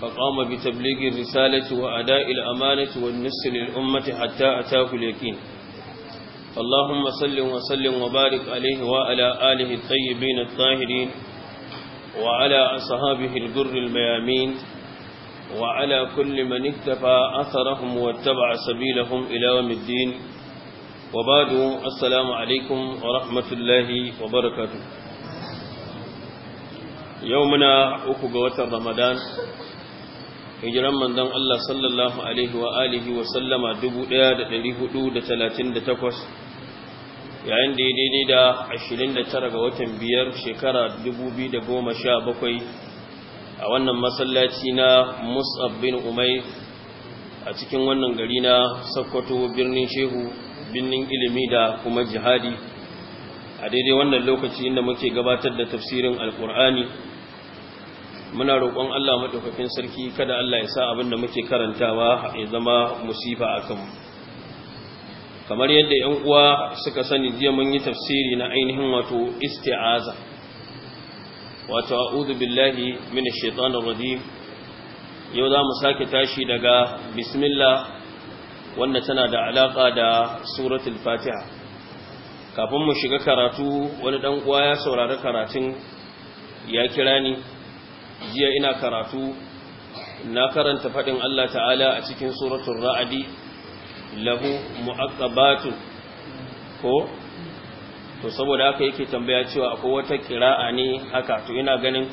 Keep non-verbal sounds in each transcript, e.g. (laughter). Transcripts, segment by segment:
فقام بتبليغ الرسالة وأداء الأمانة والنصر للأمة حتى أتاه اليقين اللهم صل وسلم وبارك عليه وعلى آله الطيبين الطاهرين وعلى أصحابه الجر الميامين وعلى كل من اكتفى أثرهم واتبع سبيلهم إلى يوم الدين وبعد السلام عليكم ورحمة الله وبركاته يومنا أكو رمضان hijiran manzon Allah sallallahu alaihi wa alihi wa sallama 1438 yayin da ya daidai da tara ga watan biyar shekara goma sha bakwai, a wannan masallaci na musab bin umai a cikin wannan gari na sakkwato birnin shehu birnin ilimi da kuma jihadi a daidai wannan lokaci inda muke gabatar da tafsirin alkur'ani muna roƙon Allah maɗaukakin sarki kada Allah ya sa abin da muke karantawa ya zama musifa a kanmu kamar yadda ‘yan uwa suka sani jiya mun yi tafsiri na ainihin wato isti'aza wato a'udhu billahi mini shaitanir rajim yau za mu sake tashi daga bismillah wanda tana da alaƙa da suratul fatiha kafin mu shiga karatu wani ɗan uwa ya saurari karatun ya kira ni jiya ina karatu na karanta faɗin Allah ta'ala a cikin suratul ra'adi lahu mu'aqqabatun ko to saboda haka yake tambaya cewa akwai wata kira'a ne haka to ina ganin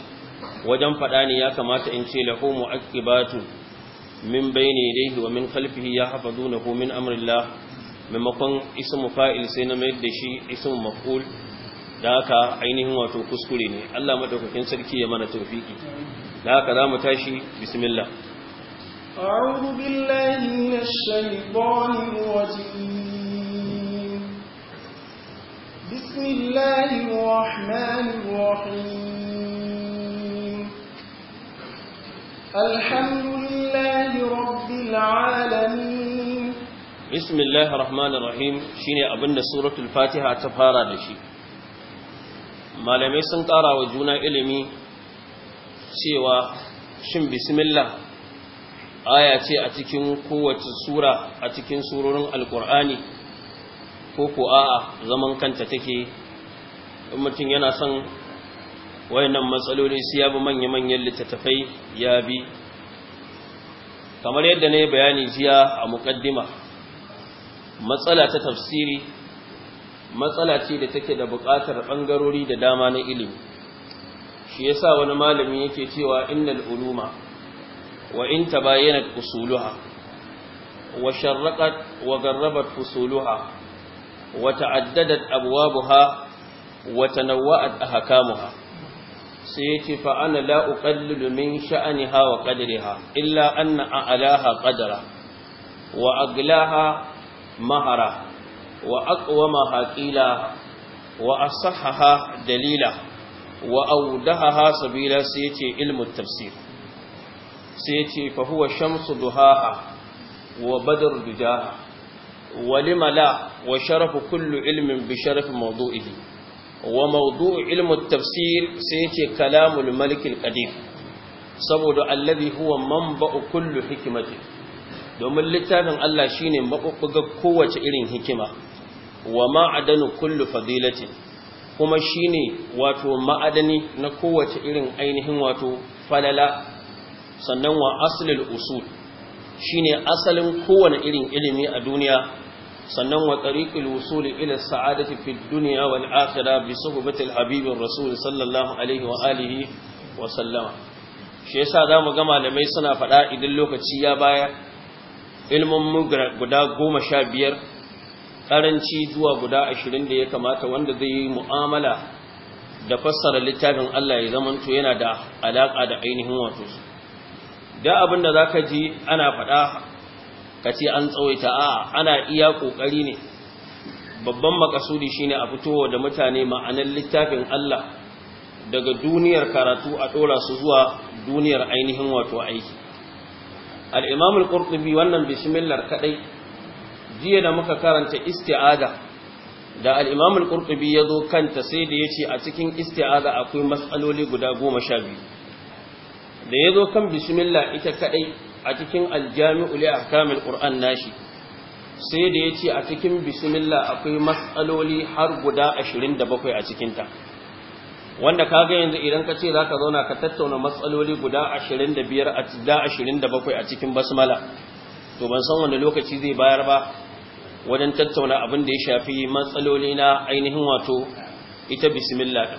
wajen faɗa ne ya kamata in ce lahu mu'aqqibatu min bayni yadayhi wa min khalfihi yahfazunahu min amrillah maimakon ismu fa'il sai na mayar da shi ismu maf'ul da aka ainihin wato kuskure ne Allah madaukakin sarki ya mana taufiki da aka za tashi bismillah a'udhu billahi minash shaytanir rajim bismillahir rahmanir rahim alhamdulillahi rabbil alamin bismillahir rahmanir rahim shine abinda suratul fatiha ta fara da shi malamai sun ƙara wa juna ilimi cewa shin bismillah aya ce a cikin kowace sura a cikin surorin alkur'ani ko ko a'a zaman kanta take in mutum yana son wayannan matsaloli su yabi manya-manyan littattafai ya bi kamar yadda na yi bayani jiya a muƙaddima matsala ta tafsiri matsala ce da take da buƙatar ɓangarori da dama na ilimi shi yasa wani malami yake cewa innal uluma wa in tabayyanat usuluha wa sharraƙat wa garrabat fusuluha wa ta'addadat abwabuha wa tanawwa'at ahkamuha sai yace fa ana la uqallilu min sha'aniha wa qadriha illa anna a'laha qadra wa aglaha mahara wa aqwama haqila wa asahaha dalila wa awdahaha sabila sai yace ilmu tafsir sai yace fa huwa shamsu duhaha wa badr dujaha wa limala wa sharafu kullu ilmin bi sharafi mawdu'ihi wa mawdu'u ilmu tafsir sai yace kalamul malik al-qadir saboda alladhi huwa manba'u kullu hikmatihi domin littafin Allah shi ne mabubbuga kowace irin hikima wa ma'adanu kullu fadilatin kuma shi ne wato ma'adani na kowace irin ainihin wato falala sannan wa asalin usul shine asalin kowane irin ilimi a duniya sannan wa tariqul usul ila sa'adati fi duniya wal akhirah bi suhbatil habibin rasul sallallahu alaihi wa alihi wa sallama shi yasa zamu ga malamai suna faɗa idan lokaci ya baya ilmin guda goma sha biyar ƙaranci zuwa guda ashirin da ya kamata wanda zai yi mu'amala da fassara littafin Allah ya zamanto yana da alaƙa da ainihin wato su da abin da za ka ji ana faɗa ka ce an tsawaita a ana iya ƙoƙari ne babban makasudi shine a fitowa da mutane ma'anar littafin Allah daga duniyar karatu a ɗora su zuwa duniyar ainihin wato aiki al-imam wannan bismillah kaɗai, jiya da muka karanta isti'ada, da al-imam al-qurtubi yazo kanta sai da yace a cikin isti'ada akwai matsaloli guda goma sha biyu, da yazo kan bismillah ita kaɗai a cikin al-jami'u li ahkamil qur'an nashi sai da yace a cikin bismillah akwai matsaloli har guda ashirin da bakwai a cikinta. wanda ka ga yanzu idan ka ce za ka zauna ka tattauna matsaloli guda 25 a da bakwai a cikin basmala to ban san wanda lokaci zai bayar ba wajen tattauna abin da ya shafi matsaloli na ainihin wato ita bismillah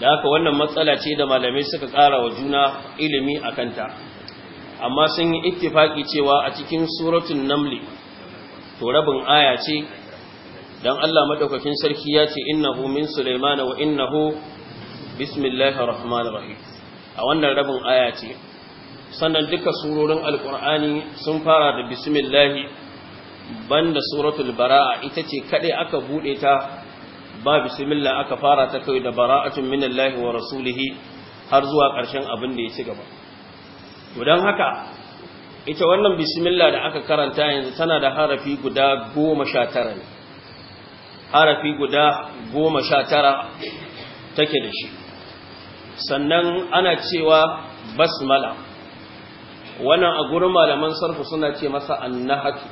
da haka wannan matsala ce da malamai suka kara wa juna ilimi a kanta amma sun yi ittifaki cewa a cikin suratun namli to rabin aya ce dan Allah madaukakin sarki ya ce innahu min sulaimana wa innahu الله الرحمن الرحيم a wannan rabin aya ce sannan duka surorin alqur'ani sun fara da bismillah banda suratul bara'a ita ce kade aka bude ta ba bismillah aka fara ta kai da bara'atun minallahi wa rasulihi har zuwa ƙarshen abin da ya ci gaba to dan haka ita wannan bismillah da aka karanta yanzu tana da harafi guda 19 ne harafi guda goma sha tara take da shi sannan ana cewa basmala wannan a gurin malaman sarfu suna ce masa annahatu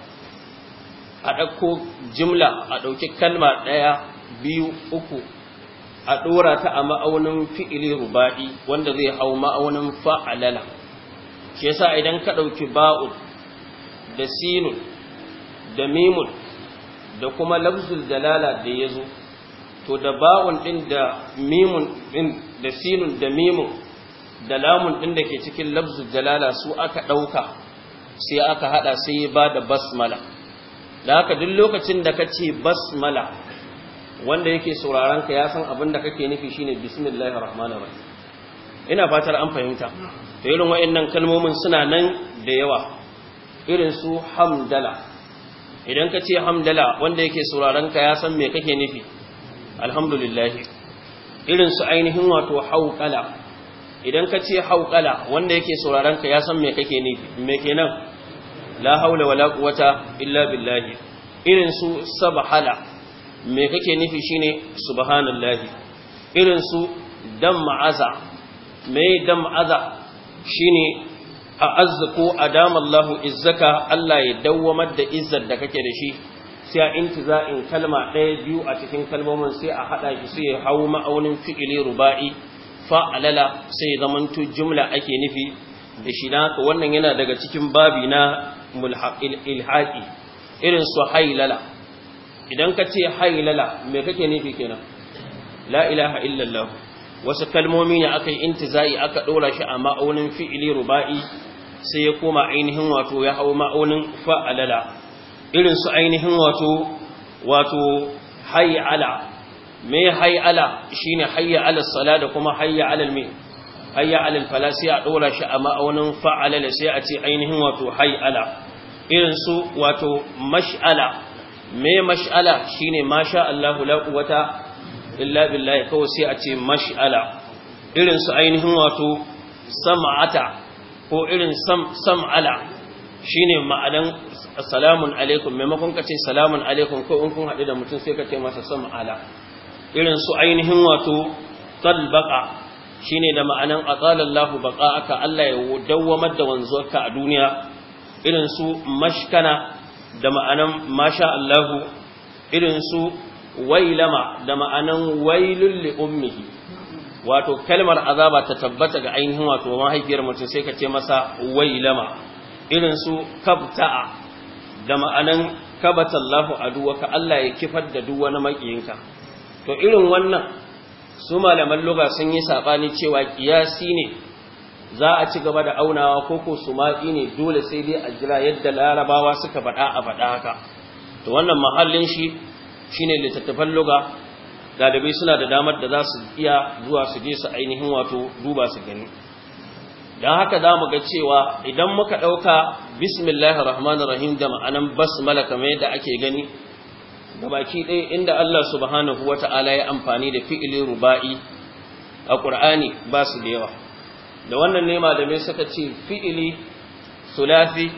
a ɗauko jimla a ɗauki kalma ɗaya biyu uku a ɗora ta a ma'aunin fi'ili ruba'i wanda zai hau ma'aunin fa'alala shi yasa idan ka ɗauki ba'ul da sinul, da mimul, da kuma lafzul dalala da ya zo to da ba'un din da mimun din da sinun da mimun da lamun din da ke cikin lafzul jalala su aka ɗauka sai aka haɗa sai ya bada basmala da haka duk lokacin da ka ce basmala wanda yake sauraron ka ya san abin da kake nufi shine bismillahir rahmanir rahim ina fatar an fahimta to irin wa'annan kalmomin suna nan da yawa irin su hamdala idan ka ce hamdala wanda yake sauraron ka ya san me kake nufi alhamdulillah irin su ainihin wato hauƙala idan ka ce hauƙala wanda yake sauraron ka ya san me kake nufi me kenan la haula wala quwata illa billah Irinsu su me kake nufi shine subhanallahi Irinsu su dam'aza me dam'aza shine a ko adama izzaka Allah ya dawwamar da izzar da kake da shi sai intiza'in kalma ɗaya biyu a cikin kalmomin sai a haɗa shi sai ya hau ma'aunin fi'ili ruba'i alala sai zamanto jumla ake nufi da shi na ka wannan yana daga cikin babi na ilhaƙi irin su hailala idan ka ce hailala me kake nufi kenan la ilaha illallah wasu kalmomi ne aka yi intiza'i aka ɗora shi a ma'aunin fi'ili ruba'i sai ya koma ainihin wato ya hau ma'aunin alala irin su ainihin wato wato hayya ala me hayya ala shine hayya ala sala da kuma hayya ala me hayya ala fala sai a dora shi a ma'aunin fa'ala sai a ce ainihin wato hayya ala irin su wato mash'ala me mash'ala shine masha Allahu la quwwata illa billahi kawai sai a ce mash'ala irin su ainihin wato sam'ata ko irin Sam sam'ala shine ma'anan salamun alaikum maimakon ka ce salamun alaikum ko in kun haɗu da mutum sai ka ce masa sama ala irin su ainihin wato talbaka shine da ma'anan atsalallahu baka aka Allah ya dawwamar da wanzuwarka a duniya irin su mashkana da ma'anan masha Allahu irin su wailama da ma'anan wailul li ummihi wato kalmar azaba ta tabbata ga ainihin wato mahaifiyar mutum sai ka ce masa wailama irin su kabta'a da ma'anan kabatallahu aduwaka Allah ya kifar da duk wani makiyinka to irin wannan su malaman lugha sun yi sabani cewa kiyasi ne za a ci gaba da aunawa ko ko sumatsi ne dole sai dai a jira yadda larabawa suka faɗa a faɗa haka to wannan mahallin shi shine littattafan lugha dalibai suna da damar da za su iya zuwa su je su ainihin wato duba su gani don haka za mu ga cewa idan muka ɗauka bismillahir rahmanir rahim da ma'anan basmala kamar da ake gani da baki ɗaya inda Allah subhanahu wata'ala ya amfani da fi'ilin ruba'i a Qur'ani ba su da yawa da wannan ne malamai suka ce fi'ili sulasi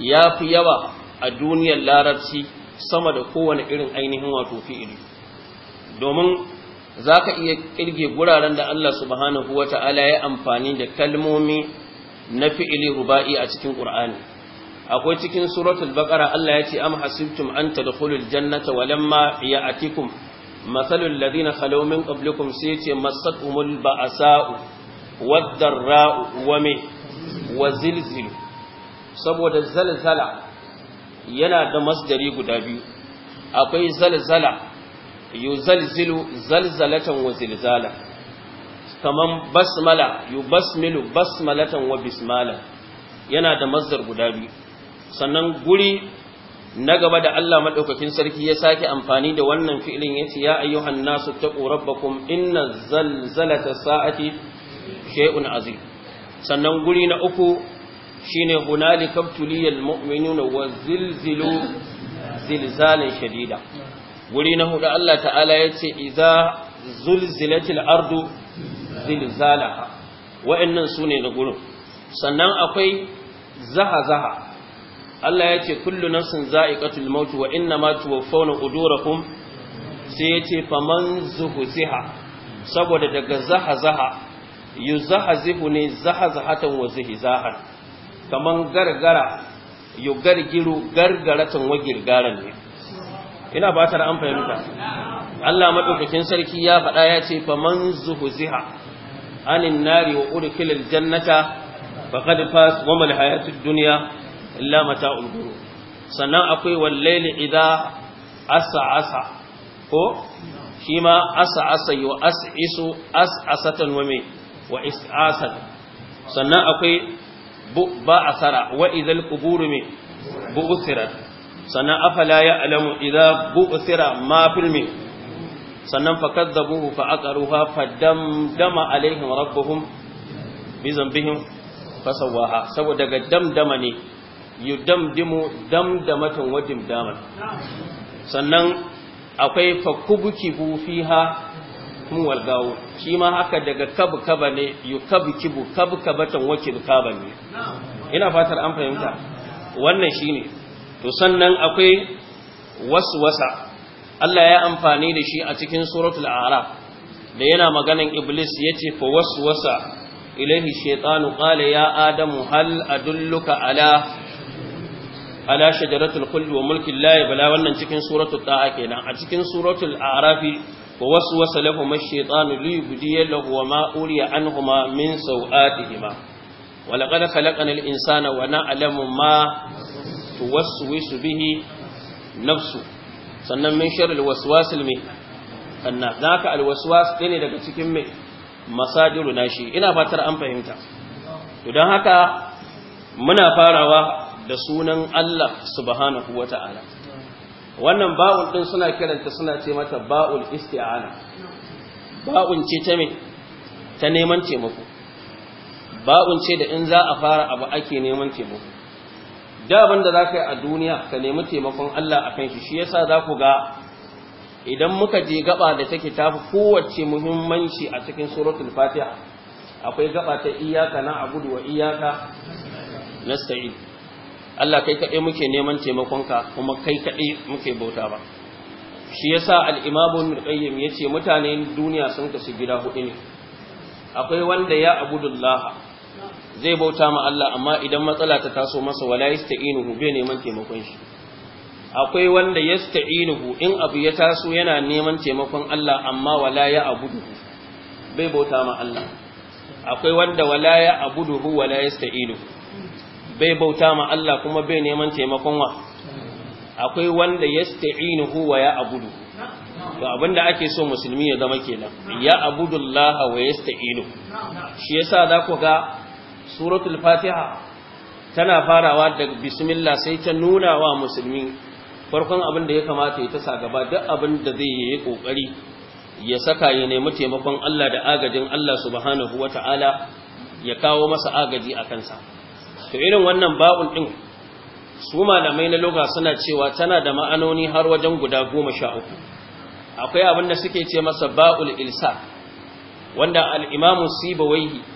ya fi yawa a duniyar larabci sama da kowane irin ainihin wato fi'ili domin za ka iya ƙirge guraren da Allah subhanahu wa ta'ala ya amfani da kalmomi na fi'ili ruba'i a cikin ƙur'ani akwai cikin suratul baƙara Allah ya ce am hasibtum an tadkhulul jannata walamma ya'atikum mathalul ladina khalaw min qablikum sai ce ba'sa'u wad-darra'u wa me wa zilzil saboda zalzala yana da masdari guda biyu akwai zalzala yuzalzilu zalzalatan wa zilzala kaman basmala yubasmilu basmalatan wa bismala yana da mazdar guda biyu sannan guri na gaba da Allah madaukakin sarki ya sake amfani da wannan fi'ilin yace ya ayyuhan nasu taqu rabbakum inna zalzalata sa'ati shay'un azim sannan guri na uku shine hunalika tuliyal mu'minuna wa zilzilu zilzalan shadida wuri na hudu Allah ta'ala ya ce iza zulzilatil ardu zilzalaha wa'annan su ne na gurin sannan akwai zaha zaha Allah ya ce kullu nafsin za'iqatul maut wa innama tuwaffawna udurakum sai ya ce faman zuhziha saboda daga zaha zaha yuzahzihu ne zaha zahatan wa zihzahan kaman gargara yugargiru gargaratan wa girgaran ne ina ba ta da an fahimta Allah madaukakin sarki ya faɗa ya ce fa man zuhziha anin nari wa udkhilal jannata faqad faz wa mal hayatud dunya illa mata'ul ghurur sannan akwai wal layli idha asa asa ko shi ma asa asa yu as'isu as'asatan wa mai wa is'asan sannan akwai ba asara wa idhal mai me bu'thirat sannan afala ya alamu idza bu'thira ma fil min sannan fakadzabuhu fa aqaruha dama alaihim rabbuhum bi zambihim fasawaha saboda ga damdama ne yudamdimu damdamatan wajen daman sannan akwai fakubuki bu fiha mun walgawo shi ma haka daga kabu-kaba ne yukabkibu kabatan wakil kaban ne ina fatar an fahimta wannan shine to sannan akwai waswasa Allah ya amfani da shi a cikin suratul araf da yana maganan iblis yace fa waswasa ilahi shaytanu qala ya adamu hal adulluka ala ala shajaratul khuld wa mulkin la yabla wannan cikin suratul ta'a kenan a cikin suratul arafi wa waswasa lahum ash-shaytanu li yubdiya lahu ma uriya anhuma min sawatihima wa laqad khalaqna insana wa na'lamu ma توسوس bihi نفسه sannan min sharri alwaswasil mai anna zaka alwaswas ne daga cikin mai na nashi ina fatar an fahimta to dan haka muna farawa da sunan Allah subhanahu wata'ala wannan ba'un din suna kiranta suna ce mata ba'ul isti'ana ba'un ce ta me ta neman taimako ba'un ce da in za a fara abu ake neman taimako da da za ka yi a duniya ka nemi taimakon Allah a kan shi shi yasa za ku ga idan muka je gaba da take tafi kowace muhimmanci a cikin suratul fatiha akwai gaba ta iyaka na abudu wa iyaka nasta'in Allah kai kaɗai muke neman taimakonka kuma kai kaɗai muke bauta ba shi yasa al-imamu al-qayyim yace mutanen duniya sun kasu gida hudu ne akwai wanda ya abudullah zai bauta ma Allah amma idan matsala ta taso masa wala yasta'inuhu bai neman taimakon shi akwai wanda yasta'inuhu in abu ya taso yana neman taimakon Allah amma wala ya abudu bai bauta ma Allah akwai wanda wala ya abuduhu wala yasta'inuhu bai bauta ma Allah kuma bai neman taimakon wa akwai wanda yasta'inuhu wa ya abudu to abinda ake so musulmi ya zama kenan ya abudullah wa yasta'inuhu shi yasa za ku ga suratul fatiha tana farawa da bismillah sai ta nuna wa musulmi farkon abin da ya kamata ya tasa gaba duk abin da zai yi kokari ya saka ya nemi taimakon Allah da agajin Allah subhanahu wata'ala ya kawo masa agaji a kansa to irin wannan babun din su malamai na loga suna cewa tana da ma'anoni har wajen guda goma sha uku akwai abin da suke ce masa ba'ul ilsa wanda al-imamu sibawaihi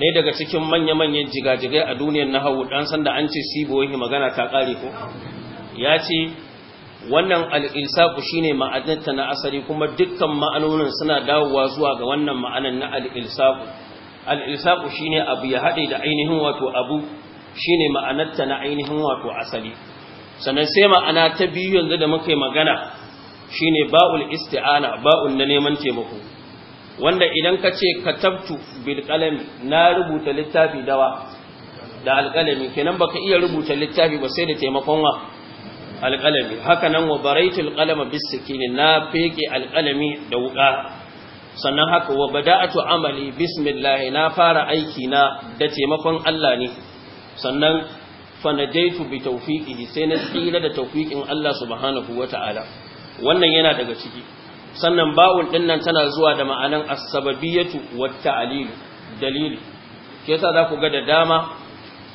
ne daga cikin manya-manyan jigajigai a duniyar hawu dan sanda an ce yake magana ta kare ko ya ce wannan al'ilsaku shine ma'adinta na asali kuma dukkan ma'anonin suna dawowa zuwa ga wannan ma'anar na al'ilsaku al'ilsaku shine abu ya hade da ainihin wato abu shine ma'anarta na ainihin wato asali sannan sai ma'ana ta biyu yanzu da muka magana shine ba'ul isti'ana ba'ul na neman taimako wanda idan ka ce katabtu bil na rubuta littafi dawa da alqalami kenan baka iya rubuta littafi ba sai da taimakon wa alqalami haka nan wa baraitul qalama bis na feke alqalami da wuka sannan haka wa bada'atu amali bismillah na fara aiki na da taimakon Allah ne sannan fanadaitu bi tawfiqihi sai na tsira da tawfiqin Allah subhanahu wataala wannan yana daga ciki sannan ba'un din nan tana zuwa da ma'anan as-sababiyatu wa talil dalili ke yasa za ku ga da dama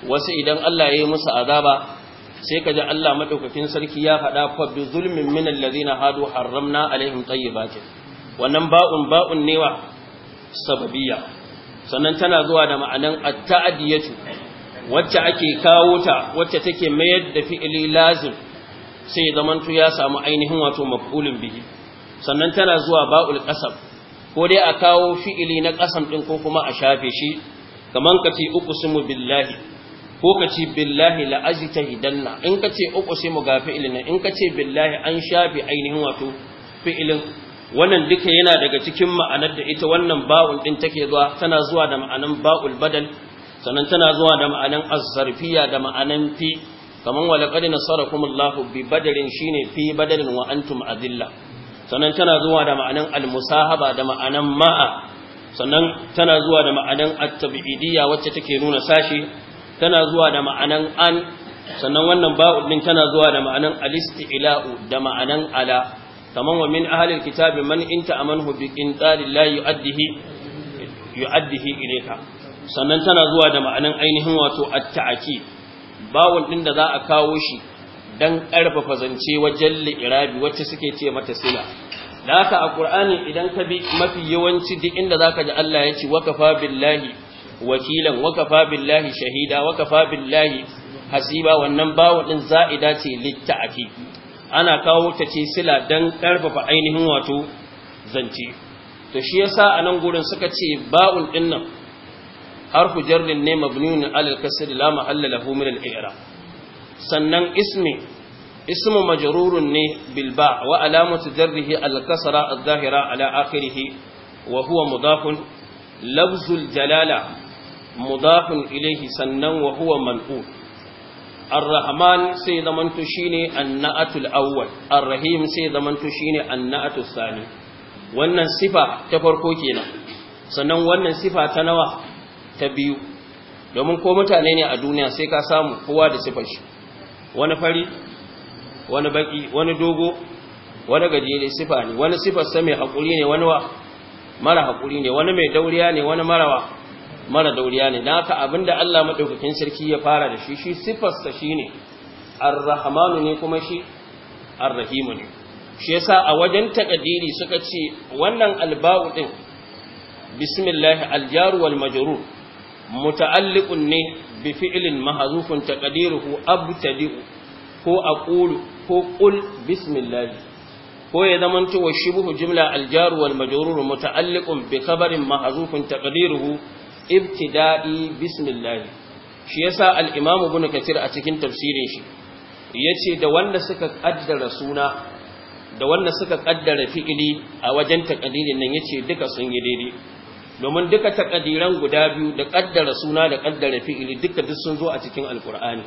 wasu idan Allah ya yi musu azaba sai ka ji Allah madaukakin sarki ya faɗa fa bi zulmin min alladhina hadu harramna alaihim tayyibati wannan ba'un ba'un ne wa sababiyya sannan tana zuwa da ma'anan at-ta'diyatu wacce ake kawo ta wacce take mayar da fi'ili lazim sai zamantu ya samu ainihin wato maf'ulun bihi sannan tana zuwa ba'ul ƙasam, ko dai a kawo fi'ili na ƙasam ɗin ko kuma a shafe shi kaman kace uqsimu billahi ko kace billahi la ajtahidanna in kace uqsimu ga fi'ilin in kace billahi an shafe ainihin wato fi'ilin wannan duka yana daga cikin ma'anar da ita wannan ba'ul ɗin take zuwa tana zuwa da ma'anan ba'ul badal sannan tana zuwa da ma'anan azzarfiya da ma'anan fi kaman walaqad nasarakumullahu bi badalin shine fi badalin wa antum adilla sannan tana zuwa da ma'anan al-musahaba da ma'anan ma'a sannan tana zuwa da ma'anan at tabiidiyya wacce take nuna sashi tana zuwa da ma'anan an sannan wannan ba'u din tana zuwa da ma'anan al-istila'u da ma'anan ala kaman wa min ahli al-kitabi man inta amanhu bi qintalin la yu'addihi yu'addihi ilayka sannan tana zuwa da ma'anan ainihin wato at-ta'kid ba'u din da za a kawo shi dan ƙarfafa zance wajen li'irabi wacce suke ce mata sila da haka a ƙur'ani idan ka bi mafi yawanci duk inda zaka ji Allah ya ce wakafa billahi wakilan wakafa billahi shahida wakafa billahi hasiba wannan bawa ɗin za'ida ce littafi. ana kawo ta ce sila dan ƙarfafa ainihin wato zance to shi yasa a nan gurin suka ce ba'un din nan harfu jarrin ne mabniun alal kasr la mahalla lahu min al-i'rab sannan ismi ismu majrurun ne bilba wa alamatu jarrihi al-kasra al-zahira ala akhirih wa huwa mudafun lafzul jalala mudafun ilayhi sannan wa huwa manqul الرحمن سيدا من تشيني ar-rahim sai سيدا من تشيني النأت Sani. wannan sifa ta farko kenan sannan wannan sifa ta nawa ta biyu domin ko mutane ne a duniya sai ka samu kowa da sifar shi wani fari wani baki wani dogo wani gajere sifa ne wani sifar sa mai haƙuri ne wani wa mara haƙuri ne wani mai dauriya ne wani marawa mara dauriya ne naka abinda Allah maɗaukakin sarki ya fara da shi shi sa shi ne rahmanu ne kuma shi al-rahimu ne shi yasa a wajen takadiri suka ce wannan alba'u ɗin bismillah al-jaru wal majrur muta'alliqun ne bi fi'lin mahzufun taqdiruhu abtadi'u ko aqulu ko qul bismillah ko ya zamanto wa shibhu jumla al-jar wal majrur muta'alliqun bi khabarin mahzufun taqdiruhu ibtida'i bismillah shi yasa al-imam ibn kathir a cikin tafsirin shi yace da wanda suka kaddara suna da wanda suka kaddara fi'ili a wajen taƙadirin nan yace duka sun yi daidai domin duka takadiran guda biyu da kaddara suna da kaddara fi'ili duka duk sun zo a cikin Alƙur'ani.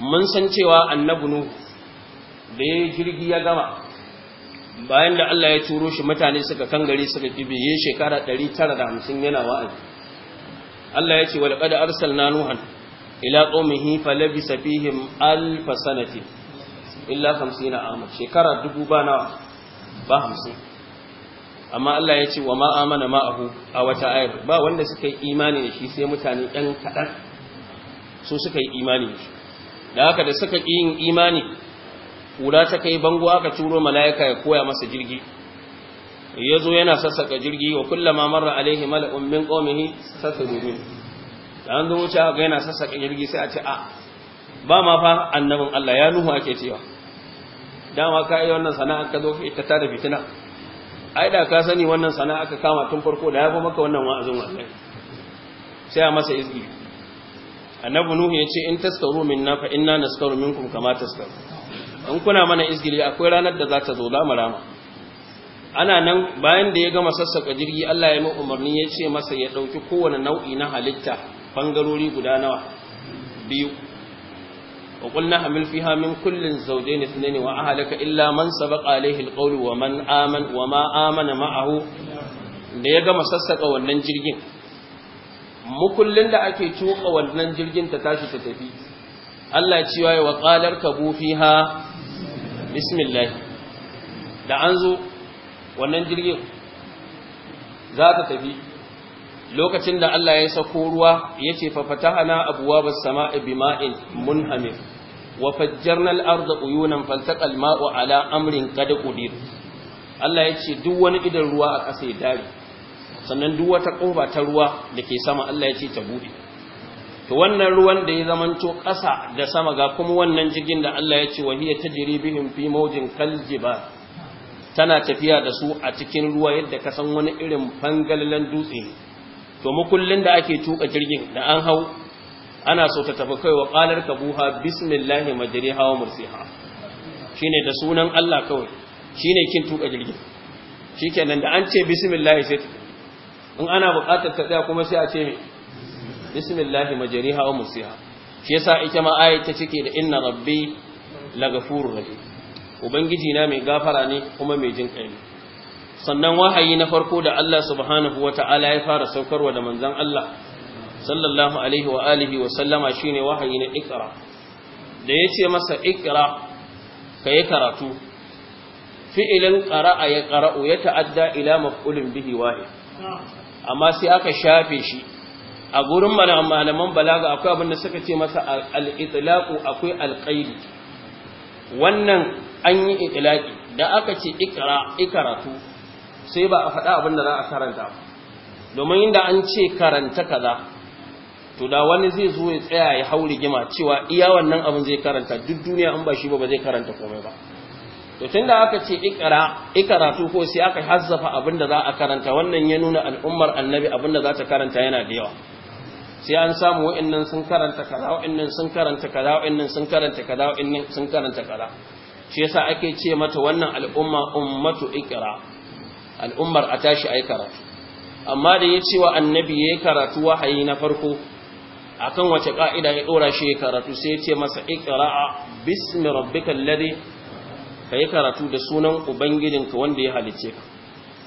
mun san cewa annabi nu da ya jirgi ya gama bayan da Allah ya turo shi mutane suka kangare suka kibiye shekara 950 yana wa'azi Allah ya ce wa laqad arsalna nuhan ila qaumihi falabisa fihim alf sanati illa 50 amma, shekara dubu ba nawa ba 50 amma Allah ya ce wa ma amana ahu a wata ayar ba wanda suka yi imani da shi sai mutane ɗan kaɗan su suka yi imani da shi da haka da suka yi yin imani kura ta kai bango aka turo mala'ika ya koya masa jirgi ya zo yana sassaka jirgi wa kulla marra alaihi mala'un min sassa domin. da an zo wuce ga yana sassaka jirgi sai a ce a ba ma fa annabin Allah ya nuhu ake cewa dama ka yi wannan sana'ar ka zo ka ita ta da fitina ai da ka sani wannan sana aka kama tun farko da ya fi maka wannan wa'azin wannan sai a masa izgiri annabi nuhu ya ce in taskaru minna fa na naskaru minkum kama taskaru in kuna mana izgiri akwai ranar da za ta zo za ana nan bayan da ya gama sassaka jirgi Allah ya mai umarni ya ce masa ya ɗauki kowane nau'i na halitta bangarori guda nawa biyu وقلنا حمل فيها من كل زوجين اثنين وأهلك إلا من سبق عليه القول ومن آمن وما آمن معه da ya gama sassaƙa wannan jirgin mukullin da ake cuka wannan jirgin ta tashi ta tafi Allah cewa ya waƙalar kabu fiha bismillah da an zo wannan jirgin za ta tafi lokacin da Allah ya sako ruwa ya ce fa a abwaabas samaa'i mun munhamir wa fajjarna al-arda uyunan faltaqa mau ala amrin kada ƙudir Allah ya ce duk wani idan ruwa a ƙasa ya dare sannan duk wata ƙofa ta ruwa da ke sama Allah ya ce ta buɗe. to wannan ruwan da ya zamanto ƙasa da sama ga kuma wannan jigin da Allah ya ce wahiya jiri bihin fi mawjin kaljiba tana tafiya da su a cikin ruwa yadda ka san wani irin fangalalan dutse to makullin da ake tuka jirgin da an hau ana so ta tafi kai wa qalar kabuha bismillahi majriha wa mursiha shine da sunan Allah kawai shine kin tuka jirgin shikenan da an ce bismillahi sai in ana buƙatar ta tsaya kuma sai a ce bismillahi majriha wa mursiha shi yasa ita ma ayat ta cike da inna rabbi lagafurur rahim ubangiji na mai gafara ne kuma mai jin kai ne sannan wahayi na farko da Allah subhanahu wa ta'ala ya fara saukarwa da manzan Allah sallallahu alaihi wa alihi wa sallama ne wahayi na ikra da ya ce masa ikra yi karatu fi'ilin ƙara'a ya ƙara'u ya ta'adda ila maf'ulin bihi wahi, amma sai aka shafe shi a gurin malaman balaga akwai abin da suka ce masa al akwai alƙaili. wannan an yi itlaqi da aka ce ikra ikaratu sai ba a faɗa abin da za a karanta domin inda an ce karanta kaza to da wani zai zo ya tsaya ya hau rigima cewa iya wannan abin zai karanta duk duniya an ba shi ba ba zai karanta komai ba to tun da aka ce ikara to ko sai aka hazzafa abin da za a karanta wannan ya nuna al'ummar annabi abin da za ta karanta yana da yawa sai an samu wa'annan sun karanta kaza wa'annan sun karanta kaza wa'annan sun karanta kaza wa'annan sun karanta kaza shi yasa ake ce mata wannan al'umma ummatu ikra al'ummar a tashi a yi karatu amma da ya ce wa annabi ya yi karatu wahayi na farko a kan wace ka'ida ya ɗora shi ya karatu sai ya ce masa ikra'a bismi rabbikan ladhi ka yi karatu da sunan ubangijinka wanda ya halice ka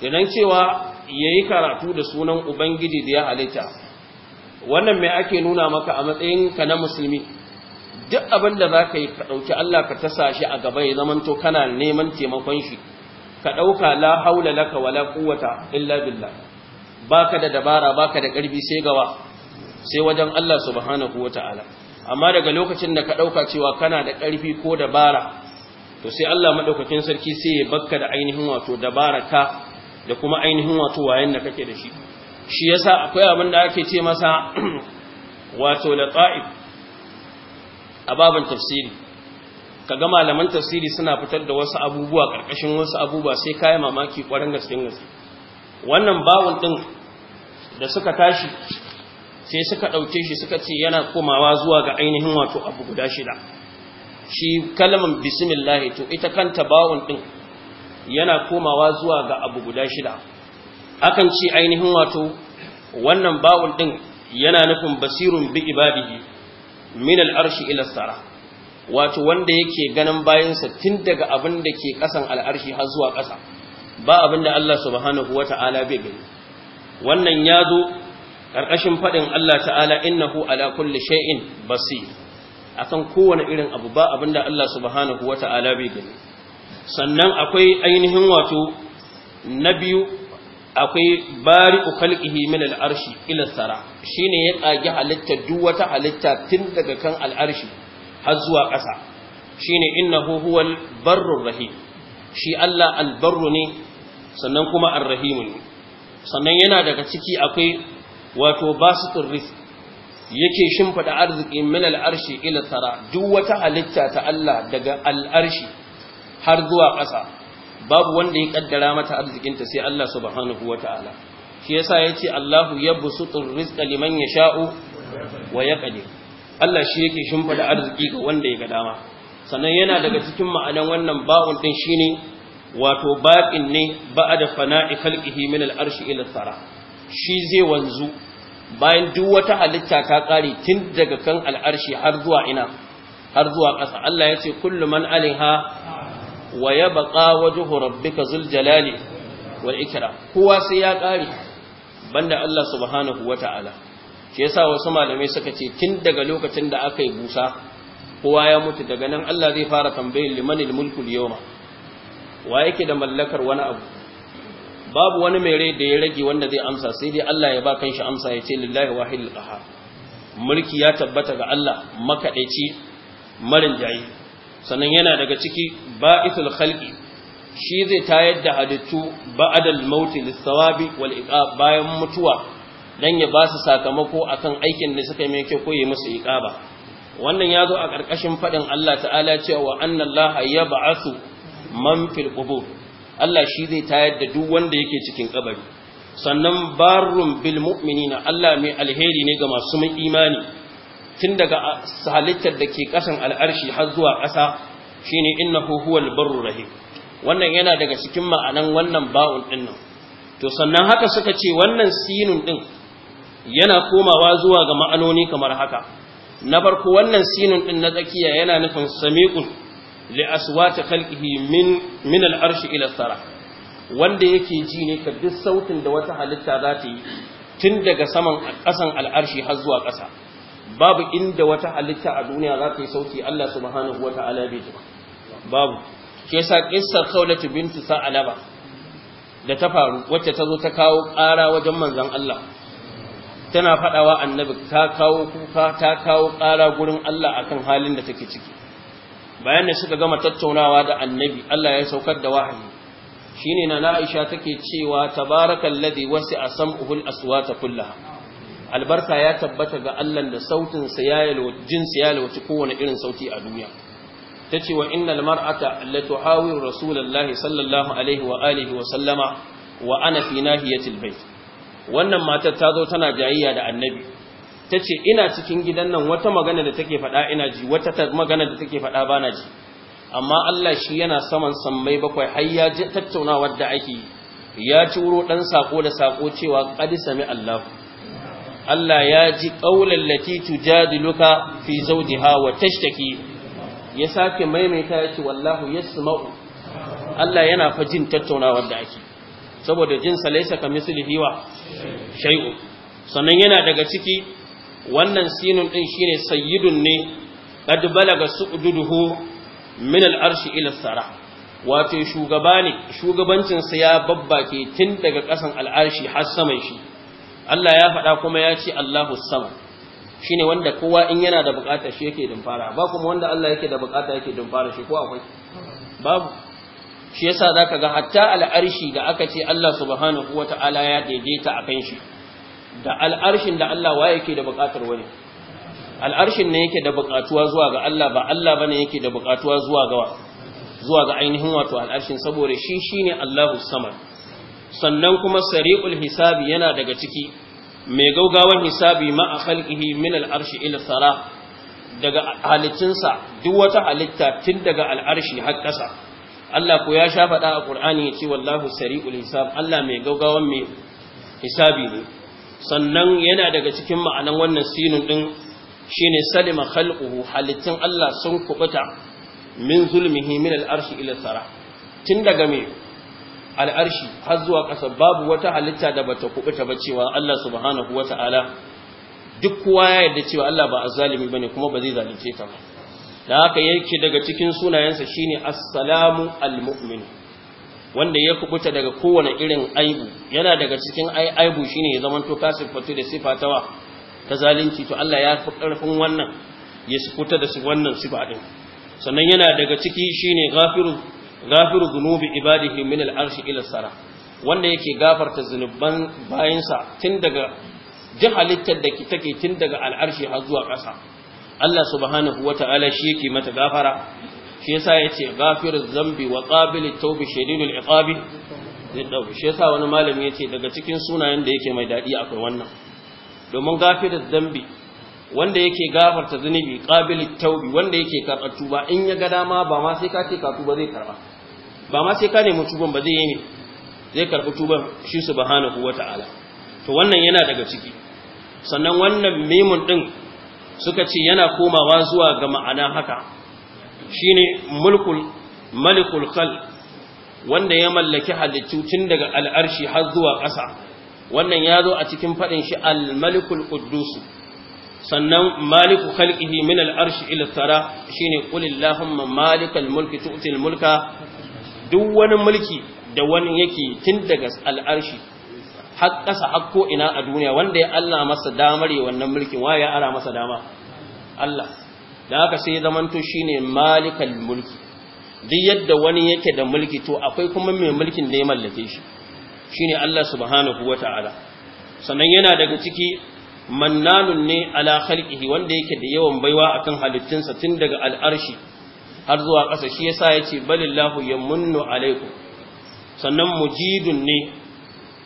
idan cewa ya yi karatu da sunan ubangiji da ya halitta wannan mai ake nuna maka a matsayin ka na musulmi duk abin da za ka yi ka ɗauki Allah ka tasa shi a gaba ya zamanto kana neman taimakon shi ka ɗauka la haula laka wala quwwata illa billah baka da dabara baka da ƙarfi sai gawa sai wajen Allah subhanahu wataala amma daga lokacin da ka ɗauka cewa kana da ƙarfi ko dabara to sai Allah madaukakin sarki sai ya bakka da ainihin wato dabaraka da kuma ainihin wato wayen da kake da shi shi yasa akwai abin da ake ce masa (clears throat) wato laqa'ib a babin tafsiri Ka ga malaman tasiri suna fitar da wasu abubuwa karkashin wasu abubuwa sai kayan mamaki kwarin gaske gaske wannan bawon din da suka tashi sai suka ɗauke shi suka ce yana komawa zuwa ga ainihin wato abu guda shida shi kalman bismillah to ita kanta bawon din yana komawa zuwa ga abu guda shida akan ce ainihin wato wannan bawon din yana nufin basirun bi ibadihi min al-arshi ila sarah wato wanda yake ganin bayansa tun daga abin da ke ƙasan al'arshi har zuwa ƙasa ba abin da Allah subhanahu ta’ala bai gani wannan ya zo ƙarƙashin faɗin Allah ta'ala innahu ala kulli shay'in basir akan kowane irin abu ba abin da Allah subhanahu ta’ala bai gani sannan akwai ainihin wato na biyu akwai bari ukhalqihi min al'arshi ila sara shine ya kage halitta duk wata halitta tun daga kan al'arshi har zuwa ƙasa shine innahu huwal barrur rahim shi Allah albarru ne sannan kuma arrahimu ne sannan yana daga ciki akwai wato basitur rizq yake shimfida arziki min al'arshi ila duk wata halitta ta Allah daga al'arshi har zuwa ƙasa babu wanda ya ƙaddara mata arzikinta sai Allah subhanahu wataala shi yasa yace Allahu yabsutur rizqa liman yasha'u wa yaqdir Allah shi yake shimfida arziki ga wanda ya ga dama sannan yana daga cikin ma'anan wannan ba'un din shine wato baqin ne ba'da fana'i khalqihi min al-arshi ila sara shi zai wanzu bayan duk wata halitta ta kare tun daga kan al'arshi har zuwa ina har zuwa ƙasa Allah ya ce kullu man alaiha wa yabqa wajhu rabbika zul jalali wal ikram kowa sai ya kare banda Allah subhanahu wata'ala shi yasa wasu malamai suka ce tun daga lokacin da aka yi busa kowa ya mutu daga nan Allah zai fara tambayin limanil mulku yawma wa yake da mallakar wani abu babu wani mai rai da ya rage wanda zai amsa sai dai Allah ya ba kanshi amsa ya ce lillahi wahidul qahar mulki ya tabbata ga Allah makadaici marin jayi sannan yana daga ciki ba'isul khalqi shi zai tayar da halittu ba'adal mauti lis-sawabi wal iqab bayan mutuwa dan ya ba su sakamako akan aikin da suka mai ko ya musu iqaba wannan ya zo a ƙarƙashin faɗin Allah ta'ala cewa annallaha yab'athu man fil qubur Allah shi zai tayar da duk wanda yake cikin kabari sannan barrun bil na Allah mai alheri ne ga masu mun imani tun daga halittar da ke ƙasan al'arshi har zuwa ƙasa shine innahu huwal barru rahim wannan yana daga cikin ma'anan wannan ba'un ɗinnan. to sannan haka suka ce wannan sinun ɗin yana komawa zuwa ga ma'anoni kamar haka na farko wannan sinin din na tsakiya yana nufin samiqun li aswati khalqihi min min al ila sara wanda yake ji ne ka duk sautin da wata halitta za ta yi tun daga saman ƙasan al'arshi har zuwa ƙasa babu inda wata halitta a duniya za ta yi sauti Allah subhanahu wata'ala bai ji babu ke yasa qissar khawlatu binti sa'alaba da ta faru wacce ta zo ta kawo ƙara wajen manzon Allah tana faɗawa annabi ta kawo kuka ta kawo ƙara gurin Allah akan halin da take ciki bayan da suka gama tattaunawa da annabi Allah ya saukar da wahayi shine na Aisha take cewa tabarakallazi wasi'a sam'uhul aswata kullaha albarka ya tabbata ga Allah da sautin sa ya jin sa ya yalwa kowane irin sauti a duniya tace wa innal mar'ata allati tuhawiru rasulullahi sallallahu alaihi wa alihi wa sallama wa ana fi nahiyatil bait wannan matar ta zo tana jayayya da annabi ta ce ina cikin gidan nan wata magana da take faɗa ina ji wata magana da take faɗa bana ji amma Allah shi yana saman sammai bakwai har ya ji tattaunawar da ake ya ci wuro ɗan sako da sako cewa qad sami Allah Allah ya ji qaulal lati tujadiluka fi zawjiha wa tashtaki ya sake maimaita ya ce wallahu yasma'u Allah yana fa jin tattaunawar da ake saboda jinsa laisa ka mislihi wa shay'u sannan yana daga ciki wannan sinun din shine sayyidun ne qad balaga su'duduhu min al-arshi ila sara wato shugaba ne shugabancin sa ya babbake tun daga kasan al-arshi har saman shi Allah ya faɗa kuma ya ce Allahu sama shine wanda kowa in yana da bukata shi yake dumfara ba kuma wanda Allah yake da bukata yake dumfara shi ko akwai babu shi yasa zaka ga hatta al'arshi da aka ce Allah subhanahu wata'ala ya daidaita akan shi da al'arshin da Allah waye yake da buƙatar wani al'arshin ne yake da buƙatuwa zuwa ga Allah ba Allah bane yake da buƙatuwa zuwa ga zuwa ga ainihin wato al'arshin saboda shi shine Allahu samad sannan kuma sari'ul hisabi yana daga ciki mai gaugawan hisabi ma'a khalqihi min al'arshi ila sara daga halittinsa duk wata halitta tun daga al'arshi har ƙasa Allah ko ya sha faɗa a Kur'ani ya ce wallahu sari'ul hisab Allah mai gaugawan mai hisabi ne sannan yana daga cikin ma'anan wannan sinin din shine salima khalquhu halittun Allah sun kubuta min zulmihi min al ila tsara. tun daga me al'arshi har zuwa ƙasa babu wata halitta da bata kubuta ba cewa Allah subhanahu duk kowa ya yarda cewa Allah ba azzalimi bane kuma ba zai zalunce ta ba da haka yake daga cikin sunayensa shine assalamu almu'min wanda ya kubuta daga kowane irin aibu yana daga cikin ai aibu shine ya zaman to kasif fatu da sifa tawa ta zalunci to Allah ya fi karfin wannan ya sukuta da su wannan sifa din sannan yana daga ciki shine ghafiru ghafiru dhunubi ibadihi min al ila sara wanda yake gafarta zunuban bayinsa tun daga duk halittar da take tun daga al'arshi har zuwa ƙasa Allah subhanahu wata'ala shi yake mata gafara shi yasa yace ghafiruz zambi wa qabilut tawbi shadidul iqabi liddaw shi yasa wani malami yace daga cikin sunayen da yake mai dadi akwai wannan domin ghafiruz zambi wanda yake gafarta zunubi qabilut tawbi wanda yake karɓar tuba in ya ga dama ba ma sai ka ce ka tuba zai karba ba ma sai ka nemi tuban ba zai yi ne zai karbi tuban shi subhanahu wata'ala to wannan yana daga ciki sannan wannan mimun din suka ce yana komawa zuwa ga ma'ana haka shine mulkul malikul Khal, wanda ya mallaki halittu tun daga al'arshi har zuwa ƙasa wannan ya zo a cikin faɗin shi al-malikul quddus sannan maliku khalqihi min al-arshi ila tara shine qul allahumma malikal mulki tu'til mulka duk wani mulki da wani yake tun daga al'arshi har haƙƙo ina a duniya wanda ya Allah masa damar yi wannan mulkin wa ya ara masa dama Allah da haka sai zamanto shine malikal mulki duk yadda wani yake da mulki to akwai kuma mai mulkin da ya mallake shi shine Allah subhanahu wata'ala sannan yana daga ciki mannanun ne ala khalqihi wanda yake da yawan baiwa akan halittinsa tun daga al'arshi har zuwa ƙasa shi yasa yace balillahu yamunnu alaikum sannan mujidun ne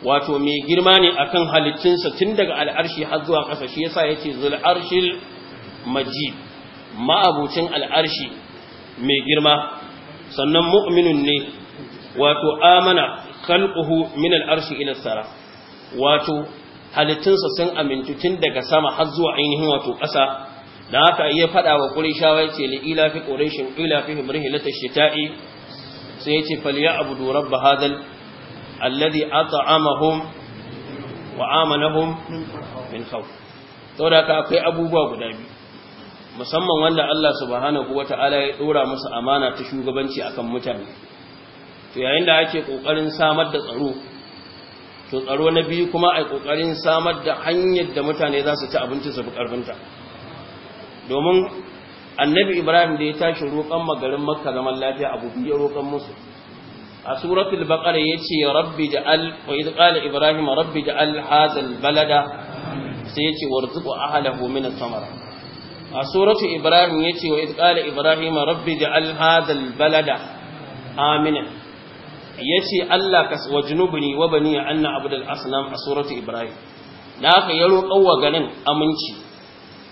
wato mai girma ne akan halittinsa tun daga al'arshi har zuwa ƙasa shi ya sa yace ce arshil maji ma'abucin al'arshi mai girma sannan mu’aminin ne wato amana kalƙuhu min al'arshi ila wato halittinsa sun amintu tun daga sama har zuwa ainihin wato ƙasa da haka iya faɗa wa ƙuri ya ce li'ila fi ƙurishin ila fi himrihi shita'i sai ya ce faliya abu bahadal alladhi at'amahum wa amanahum min khawf da ka akwai abubuwa guda biyu musamman wanda Allah subhanahu wata'ala ya dora musu amana ta shugabanci akan mutane to yayin da ake kokarin samar da tsaro to tsaro na biyu kuma ai kokarin samar da hanyar da mutane za su ci abinci su bukarbinta domin annabi Ibrahim da ya tashi roƙon magarin Makka zaman lafiya abu biyu roƙon musu a suratul ya ce rabbi ja'al wa idh qala ibrahim rabbi ja'al hadzal balada sai yace warzuqu ahlahu min samara a suratul ibrahim ya ce wa idh qala ibrahim rabbi ja'al hadzal balada amina ce allah kas wajnubni wa bani anna abdul asnam a suratul ibrahim da haka ya roƙo wa garin aminci